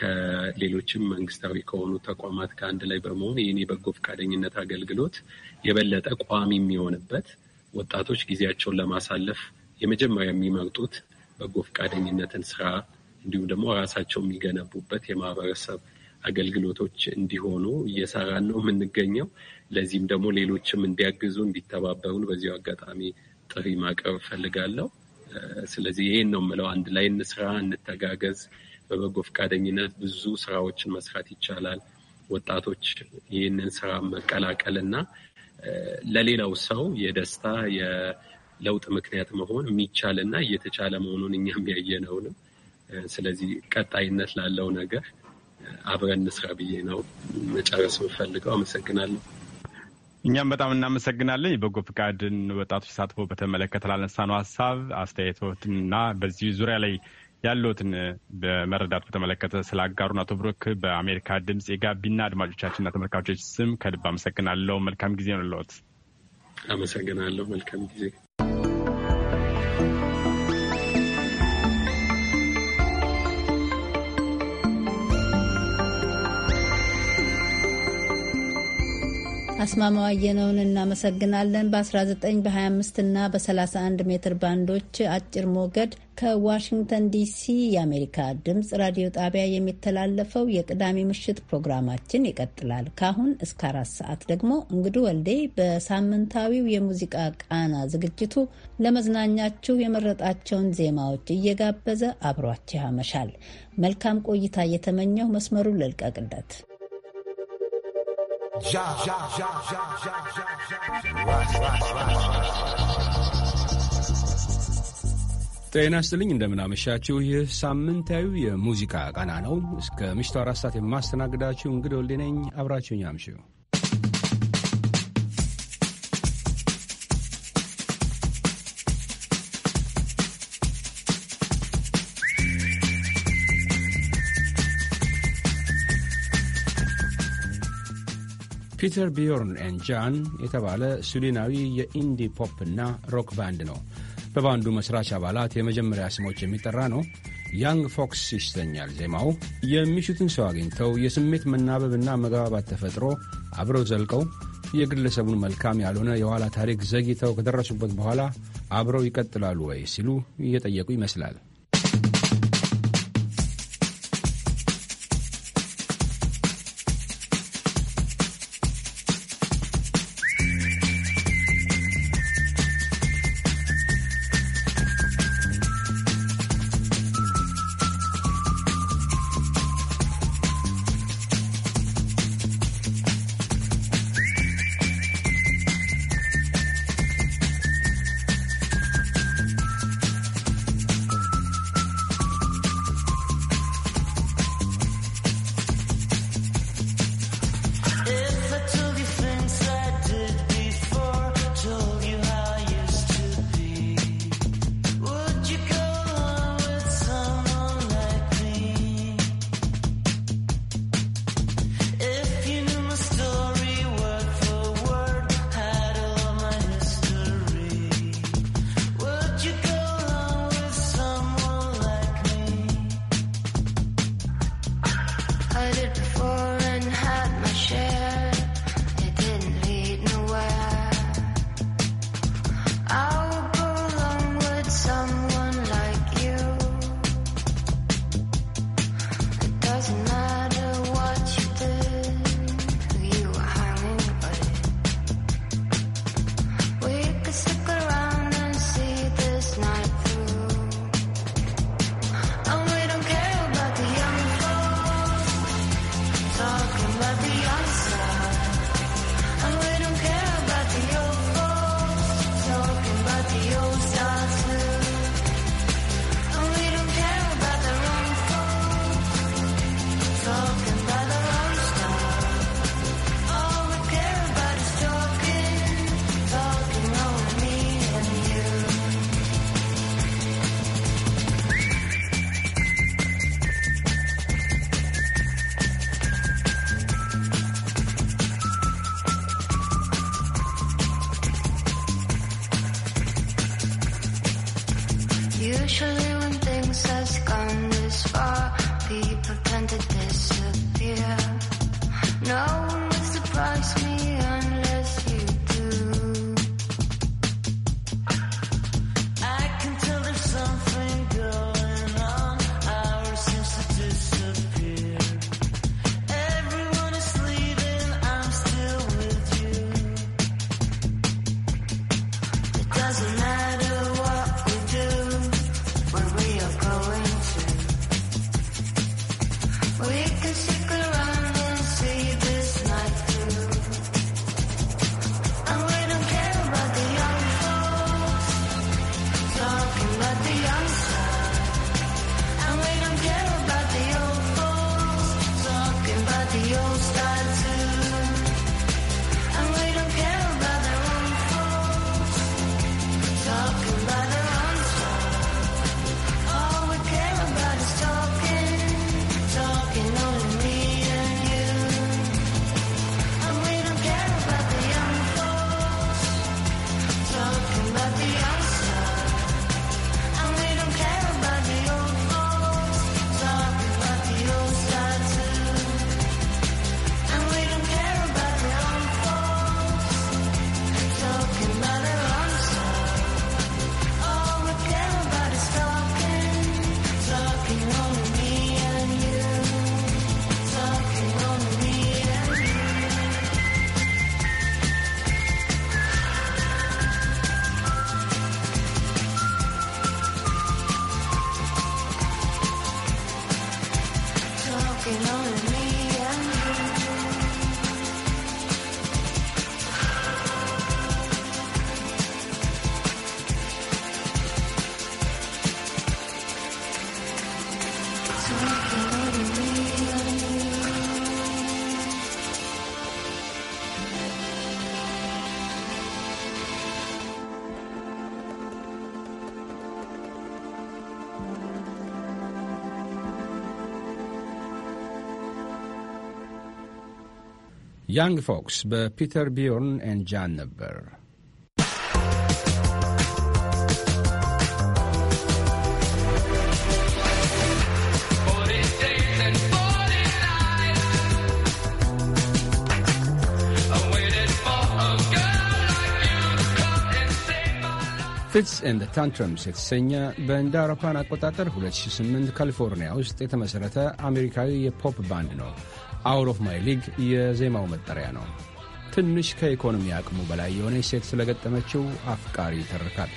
ከሌሎችም መንግስታዊ ከሆኑ ተቋማት ከአንድ ላይ በመሆን ይህን የበጎ ፈቃደኝነት አገልግሎት የበለጠ ቋሚ የሚሆንበት ወጣቶች ጊዜያቸውን ለማሳለፍ የመጀመሪያ የሚመርጡት በጎ ፈቃደኝነትን ስራ እንዲሁም ደግሞ ራሳቸው የሚገነቡበት የማህበረሰብ አገልግሎቶች እንዲሆኑ እየሰራን ነው የምንገኘው። ለዚህም ደግሞ ሌሎችም እንዲያግዙ እንዲተባበሩን በዚሁ አጋጣሚ ጥሪ ማቅረብ እፈልጋለሁ። ስለዚህ ይሄን ነው የምለው፣ አንድ ላይ እንስራ፣ እንተጋገዝ። በበጎ ፈቃደኝነት ብዙ ስራዎችን መስራት ይቻላል። ወጣቶች ይህንን ስራ መቀላቀል እና ለሌላው ሰው የደስታ የለውጥ ምክንያት መሆን የሚቻል እና እየተቻለ መሆኑን እኛም ያየነው ነው። ስለዚህ ቀጣይነት ላለው ነገር አብረን እንስራ ብዬ ነው መጨረስ የምፈልገው። አመሰግናለሁ። እኛም በጣም እናመሰግናለን። የበጎ ፍቃድን ወጣቶች ተሳትፎ በተመለከተ ላነሳ ነው ሀሳብ አስተያየቶትና በዚህ ዙሪያ ላይ ያለትን በመረዳት በተመለከተ ስላጋሩን አቶ ብሩክ በአሜሪካ ድምፅ የጋቢና አድማጮቻችንና ተመልካቾች ስም ከልብ አመሰግናለሁ። መልካም ጊዜ ነው ለዎት። አመሰግናለሁ። መልካም ጊዜ አስማማው አየነውን እናመሰግናለን። በ19 በ25 እና በ31 ሜትር ባንዶች አጭር ሞገድ ከዋሽንግተን ዲሲ የአሜሪካ ድምፅ ራዲዮ ጣቢያ የሚተላለፈው የቅዳሜ ምሽት ፕሮግራማችን ይቀጥላል። ከአሁን እስከ አራት ሰዓት ደግሞ እንግዱ ወልዴ በሳምንታዊው የሙዚቃ ቃና ዝግጅቱ ለመዝናኛችሁ የመረጣቸውን ዜማዎች እየጋበዘ አብሯቸው ያመሻል። መልካም ቆይታ እየተመኘው መስመሩን ልልቀቅለት። já, já, já, já, já, já, já. ጤና ይስጥልኝ። እንደምናመሻችሁ። ይህ ሳምንታዊ የሙዚቃ ቃና ነው። እስከ ምሽቱ አራት ሰዓት የማስተናግዳችሁ እንግዲህ ወልዴ ነኝ። አብራችሁኝ አምሽው። ፒተር ቢዮርን ኤን ጃን የተባለ ስዊድናዊ የኢንዲ ፖፕ እና ሮክ ባንድ ነው። በባንዱ መስራች አባላት የመጀመሪያ ስሞች የሚጠራ ነው። ያንግ ፎክስ ይሰኛል ዜማው። የሚሹትን ሰው አግኝተው የስሜት መናበብና መግባባት ተፈጥሮ አብረው ዘልቀው የግለሰቡን መልካም ያልሆነ የኋላ ታሪክ ዘግይተው ከደረሱበት በኋላ አብረው ይቀጥላሉ ወይ ሲሉ እየጠየቁ ይመስላል። ያንግ ፎክስ በፒተር ቢዮርን ኤን ጃን ነበር። ፊትስ ኤንድ ታንትረምስ የተሰኘ በእንደ አውሮፓን አቆጣጠር 2008 ካሊፎርኒያ ውስጥ የተመሠረተ አሜሪካዊ የፖፕ ባንድ ነው። አውት ኦፍ ማይ ሊግ የዜማው መጠሪያ ነው። ትንሽ ከኢኮኖሚ አቅሙ በላይ የሆነች ሴት ስለገጠመችው አፍቃሪ ይተርካል።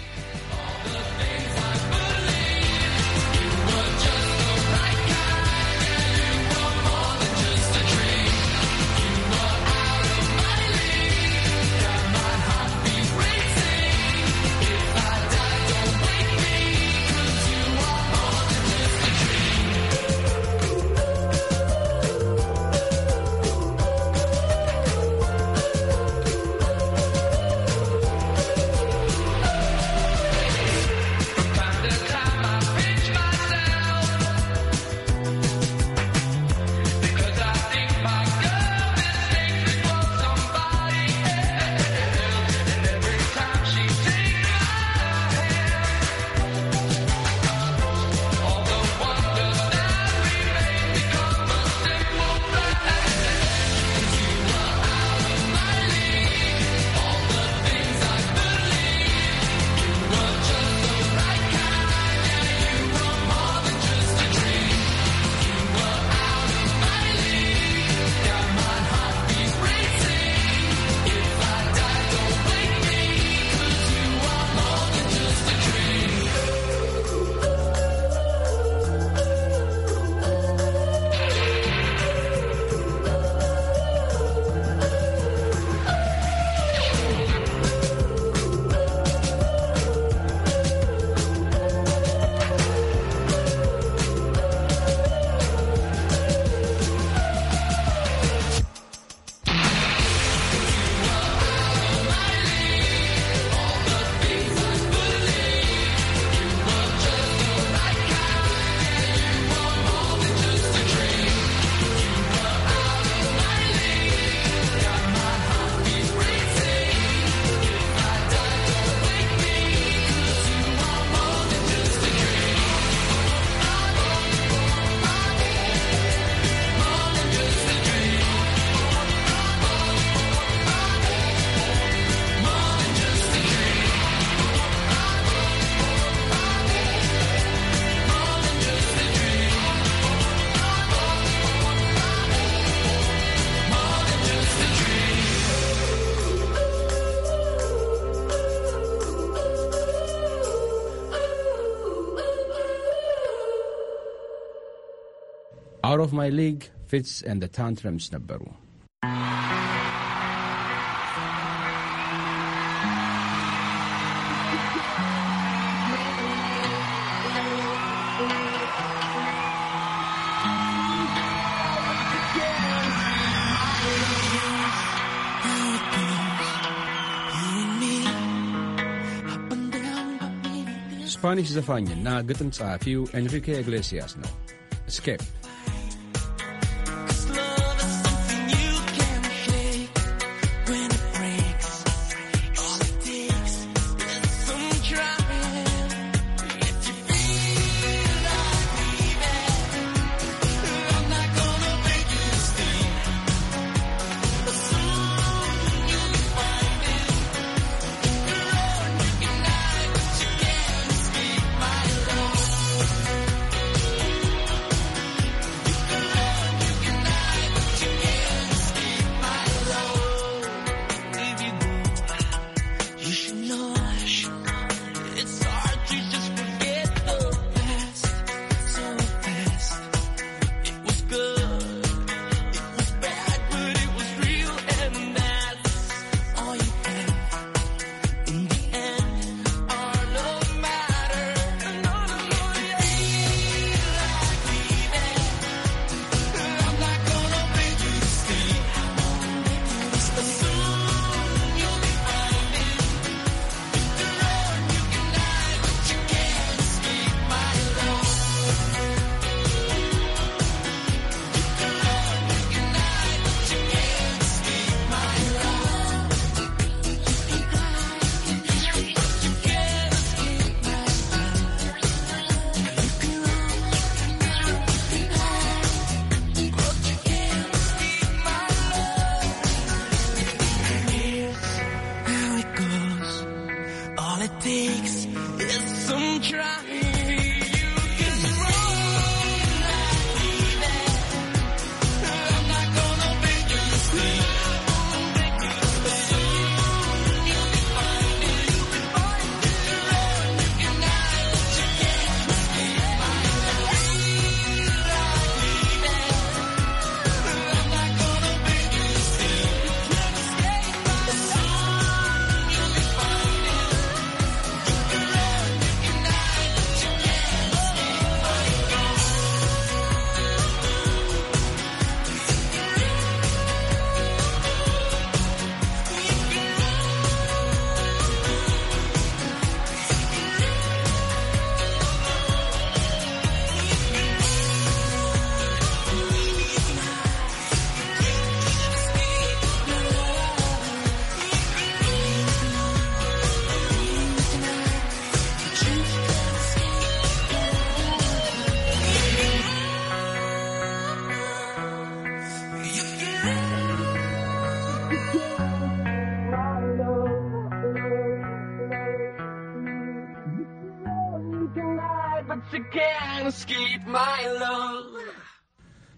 of my league, Fitz and the Tantrums Nabaru. ስፓኒሽ ዘፋኝና ግጥም ጸሐፊው ኤንሪኬ ኢግሌሲያስ ነው። ስኬፕ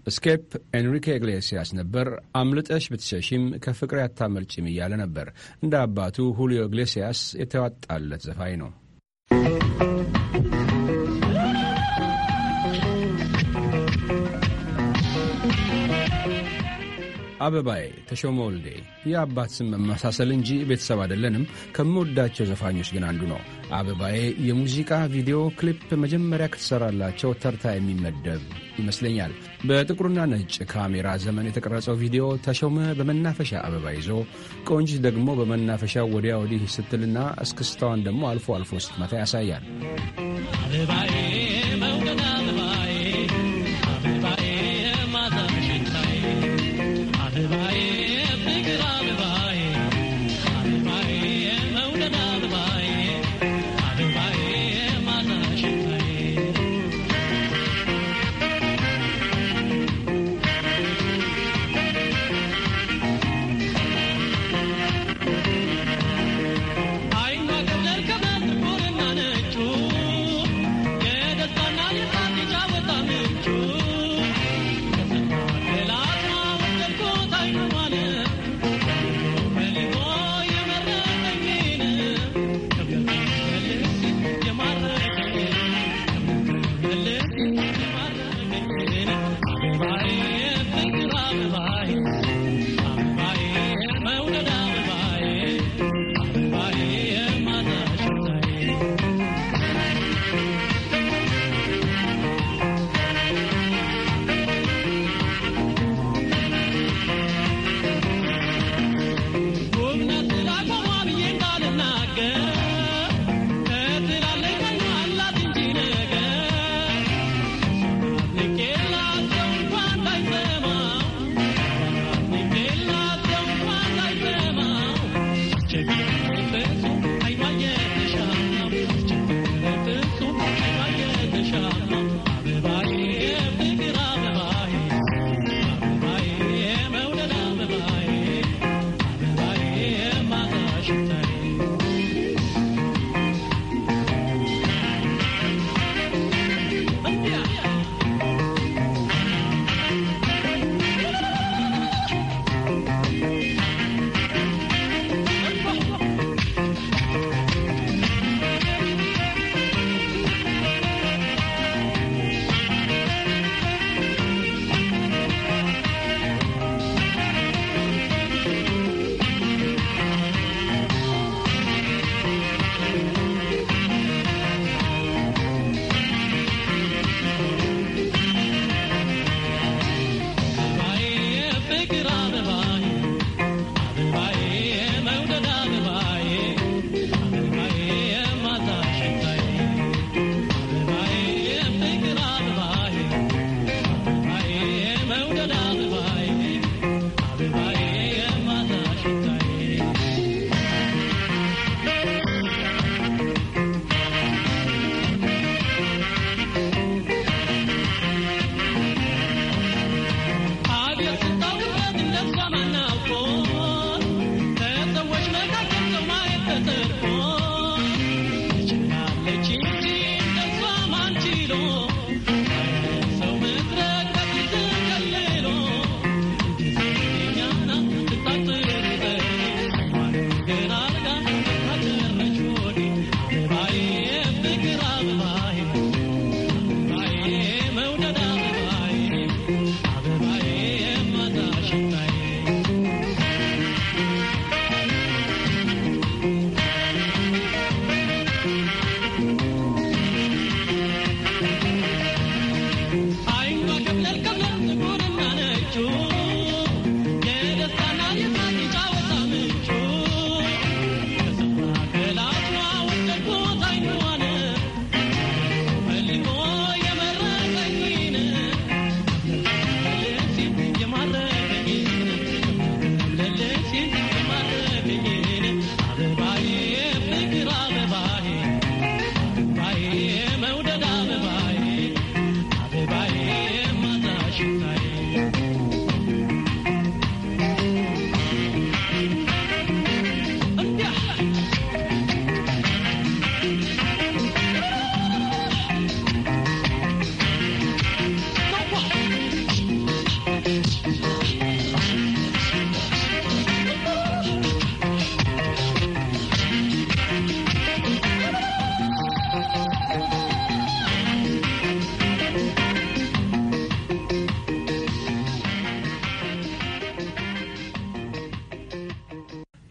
እስኬፕ ኤንሪኬ ግሌሲያስ ነበር። አምልጠሽ ብትሸሽም ከፍቅር ያታመልጭም እያለ ነበር። እንደ አባቱ ሁሊዮ ግሌሲያስ የተዋጣለት ዘፋኝ ነው። አበባዬ ተሾመ ወልዴ የአባት ስም መመሳሰል እንጂ ቤተሰብ አይደለንም። ከምወዳቸው ዘፋኞች ግን አንዱ ነው። አበባዬ የሙዚቃ ቪዲዮ ክሊፕ መጀመሪያ ከተሰራላቸው ተርታ የሚመደብ ይመስለኛል። በጥቁርና ነጭ ካሜራ ዘመን የተቀረጸው ቪዲዮ ተሾመ በመናፈሻ አበባ ይዞ፣ ቆንጂት ደግሞ በመናፈሻ ወዲያ ወዲህ ስትልና እስክስታዋን ደግሞ አልፎ አልፎ ስትመታ ያሳያል። Bye.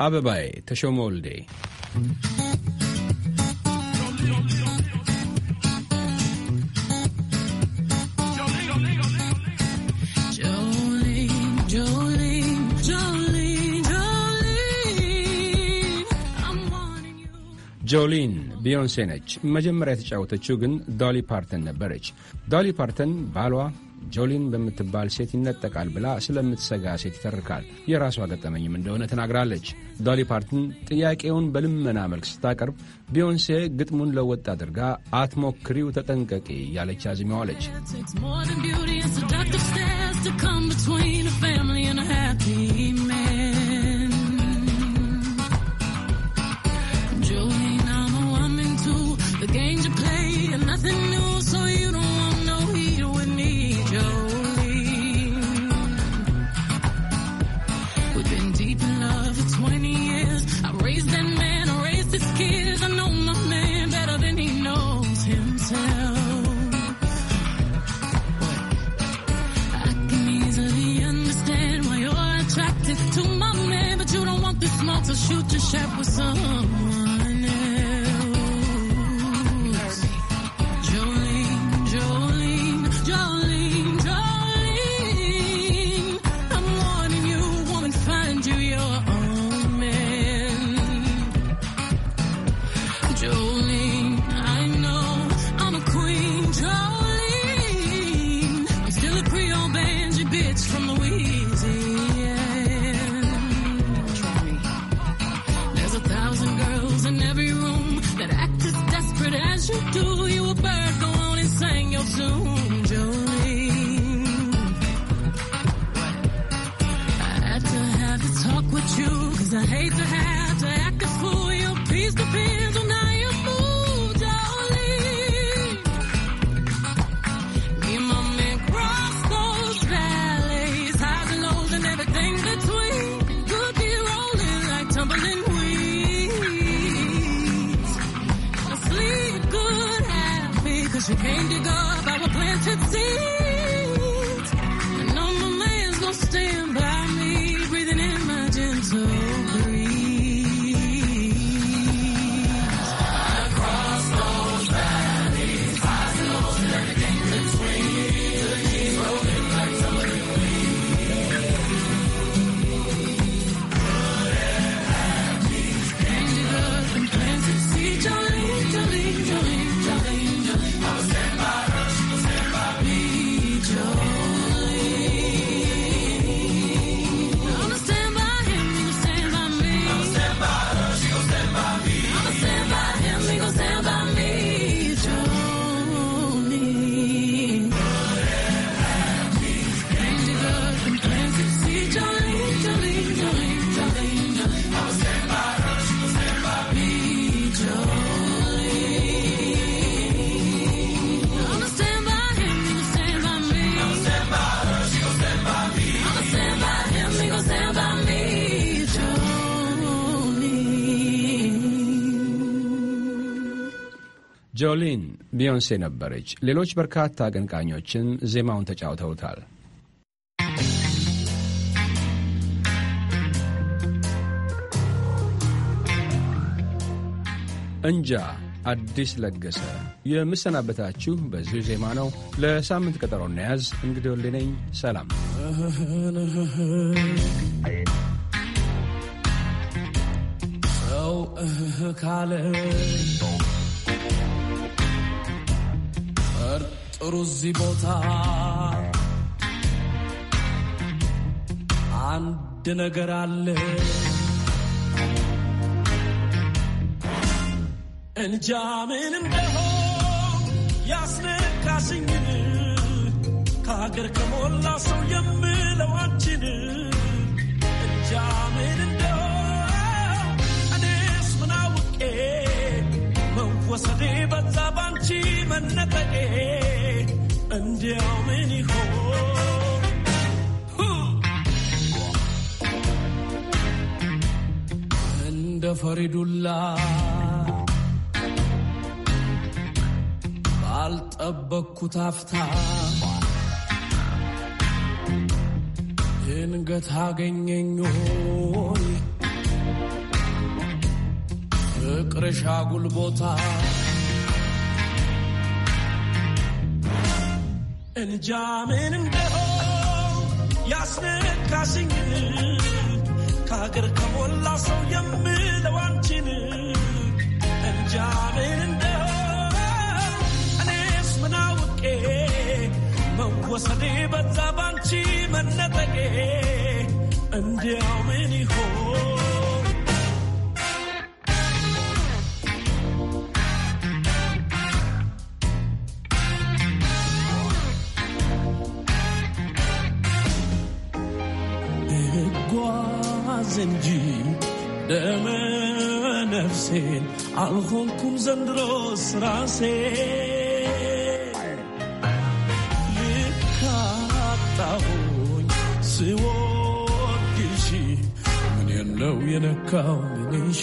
አበባዬ ተሾመ ወልዴ ጆሊን ቢዮንሴ ነች። መጀመሪያ የተጫወተችው ግን ዶሊ ፓርተን ነበረች። ዶሊ ፓርተን ባሏ ጆሊን በምትባል ሴት ይነጠቃል ብላ ስለምትሰጋ ሴት ይተርካል። የራሷ ገጠመኝም እንደሆነ ተናግራለች። ዶሊ ፓርትን ጥያቄውን በልመና መልክ ስታቀርብ ቢዮንሴ ግጥሙን ለወጥ አድርጋ አትሞክሪው፣ ተጠንቀቂ እያለች አዝሚዋለች። trapped with some. ጆሊን ቢዮንሴ ነበረች። ሌሎች በርካታ አቀንቃኞችም ዜማውን ተጫውተውታል። እንጃ አዲስ ለገሰ የምሰናበታችሁ በዚሁ ዜማ ነው። ለሳምንት ቀጠሮ እናያዝ። እንግዲህ ወልነኝ ሰላም ሰው ካለ ጥሩ እዚህ ቦታ አንድ ነገር አለ እንጃ ምን እንደሆን ያስነካሽኝን ከሀገር ከሞላ ሰው የምለዋችን አንቺን እንጃ ምን ወሰዴ በዛ ባንቺ መነጠቄ እንዲያው ምን ይሆን እንደ ፈሪዱላ ባልጠበቅኩት አፍታ ድንገት አገኘኝ። ፍቅር ሻጉል ቦታ እንጃ ምን እንደሆን ያስነካሽኝ ከሀገር ከሞላ ሰው የምለው አንቺን እንጃ ምን እንደሆን እኔስ ምናውቄ መወሰኔ በዛ ባንቺ መነጠቄ እንዲያው ምን ይሆን አልሆንኩም ዘንድሮስ ራሴ ልካጣሁኝ ስወድሽ ምን ነው የነካው ምንሽ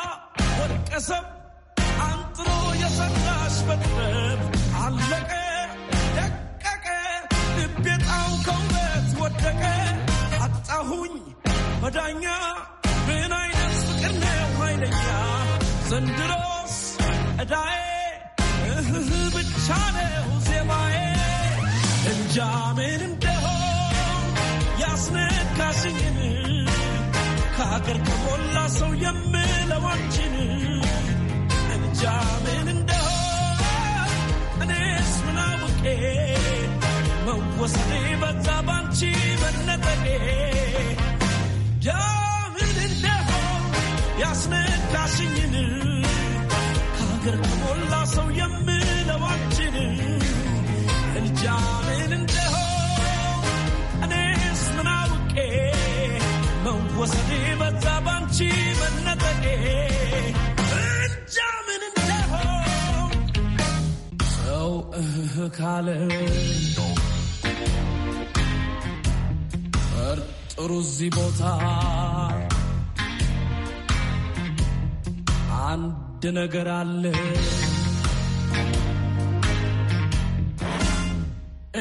ወስድ በዛ ባንቺ መነጠቄ ያምን እንደሆን ያስነዳሽኝን ከሀገር ከሞላ ሰው የምለዋችን እንጃምን እንደሆን እኔስ ምናውቄ መወሰድ በዛ ባንቺ መነጠቄ ካለ ጥሩ እዚህ ቦታ አንድ ነገር አለ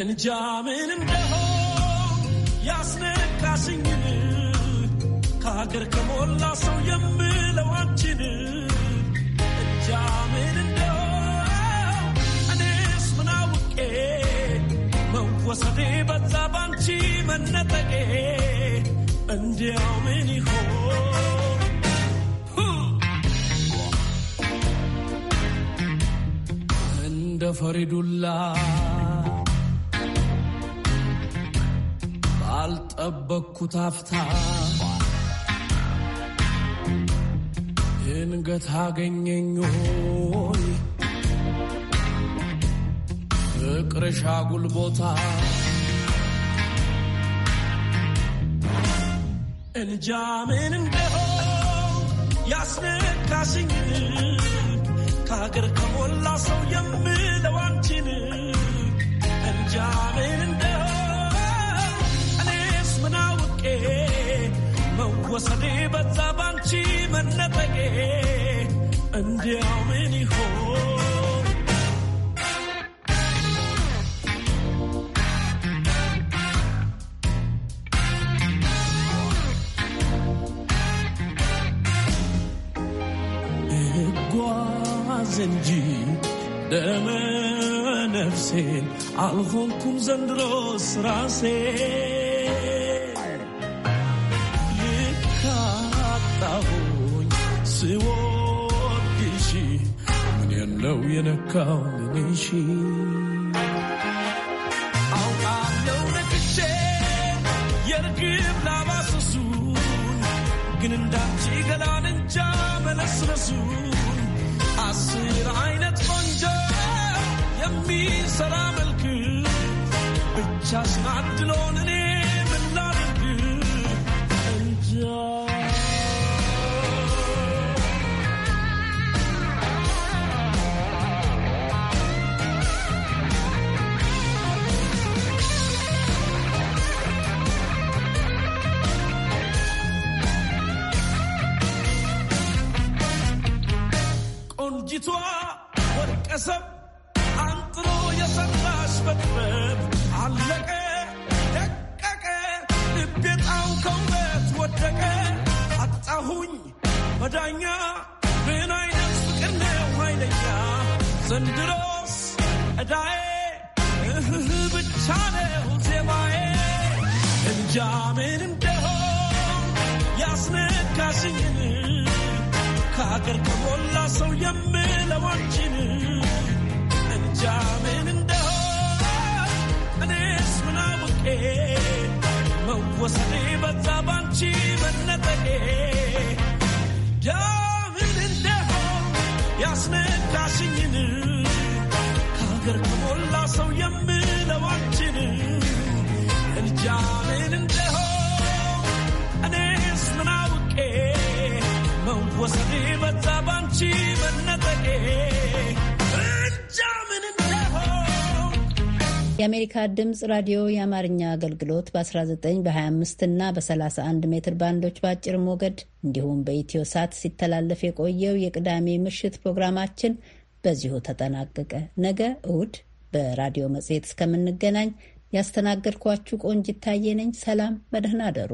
እንጃ ምን እንደሆን ያስነቃሽኝን ከሀገር ከሞላ ሰው የምለዋችን እንጃ ምን ወሰኔ በዛ ባንቺ መነጠቄ እንዲያው ምን ይሆን እንደ ፈሪዱላ ባልጠበቅኩት አፍታ ድንገት አገኘኝ። ፍቅር ሻጉል ቦታ እንጃ ምን እንደሆን ያስነካሽኝ ከሀገር ከሞላ ሰው የምለው አንቺን እንጃ ምን እንደሆን እኔስ ምናውቄ መወሰዴ በዛ ባንቺ መነጠቄ እንዲያው ምን ይሆን እንጂ ደመ ነፍሴን አልሆንኩም ዘንድሮስ ራሴ ልካጣሁኝ ስወድሽ ምን የለው የነካው ምንሽ አውቃለው ነክቼ የርግብ ላባስሱን ግን እንዳንቺ ገላን እንጃ መለስለሱን አስር አይነት ቆንጆ የሚሰራ መልክ ብቻ ስናድሎን እኔ ምናደርግ እንጃ ቆንጂቷ ወርቀሰብ አንጥሮ የሰራሽ በጥበብ አለቀ ደቀቀ ልቤጣው ከውበት ወደቀ አጣሁኝ በዳኛ ምን አይነት ፍቅር ነው ኃይለኛ ዘንድሮስ እዳዬ እህህ ብቻ ነው ዜማዬ እንጃ ምን እንደሆን ያስነካሽኝን ከአገር ሰው የምለው አንቺን እንጃ ምን እንደሆነ እኔስ ምናውቄ መወሰኔ በዛ ባንቺ መነጠቄ ያምን እንደሆነ ያስነካሽኝን ከሀገር ከሞላ ሰው የምለው አንቺን እንጃ ምን እንደሆነ እኔ የአሜሪካ ድምፅ ራዲዮ የአማርኛ አገልግሎት በ19 በ25 እና በ31 ሜትር ባንዶች በአጭር ሞገድ እንዲሁም በኢትዮ ሳት ሲተላለፍ የቆየው የቅዳሜ ምሽት ፕሮግራማችን በዚሁ ተጠናቀቀ። ነገ እሁድ በራዲዮ መጽሔት እስከምንገናኝ ያስተናገድኳችሁ ቆንጅ ታዬ ነኝ። ሰላም፣ በደህና አደሩ።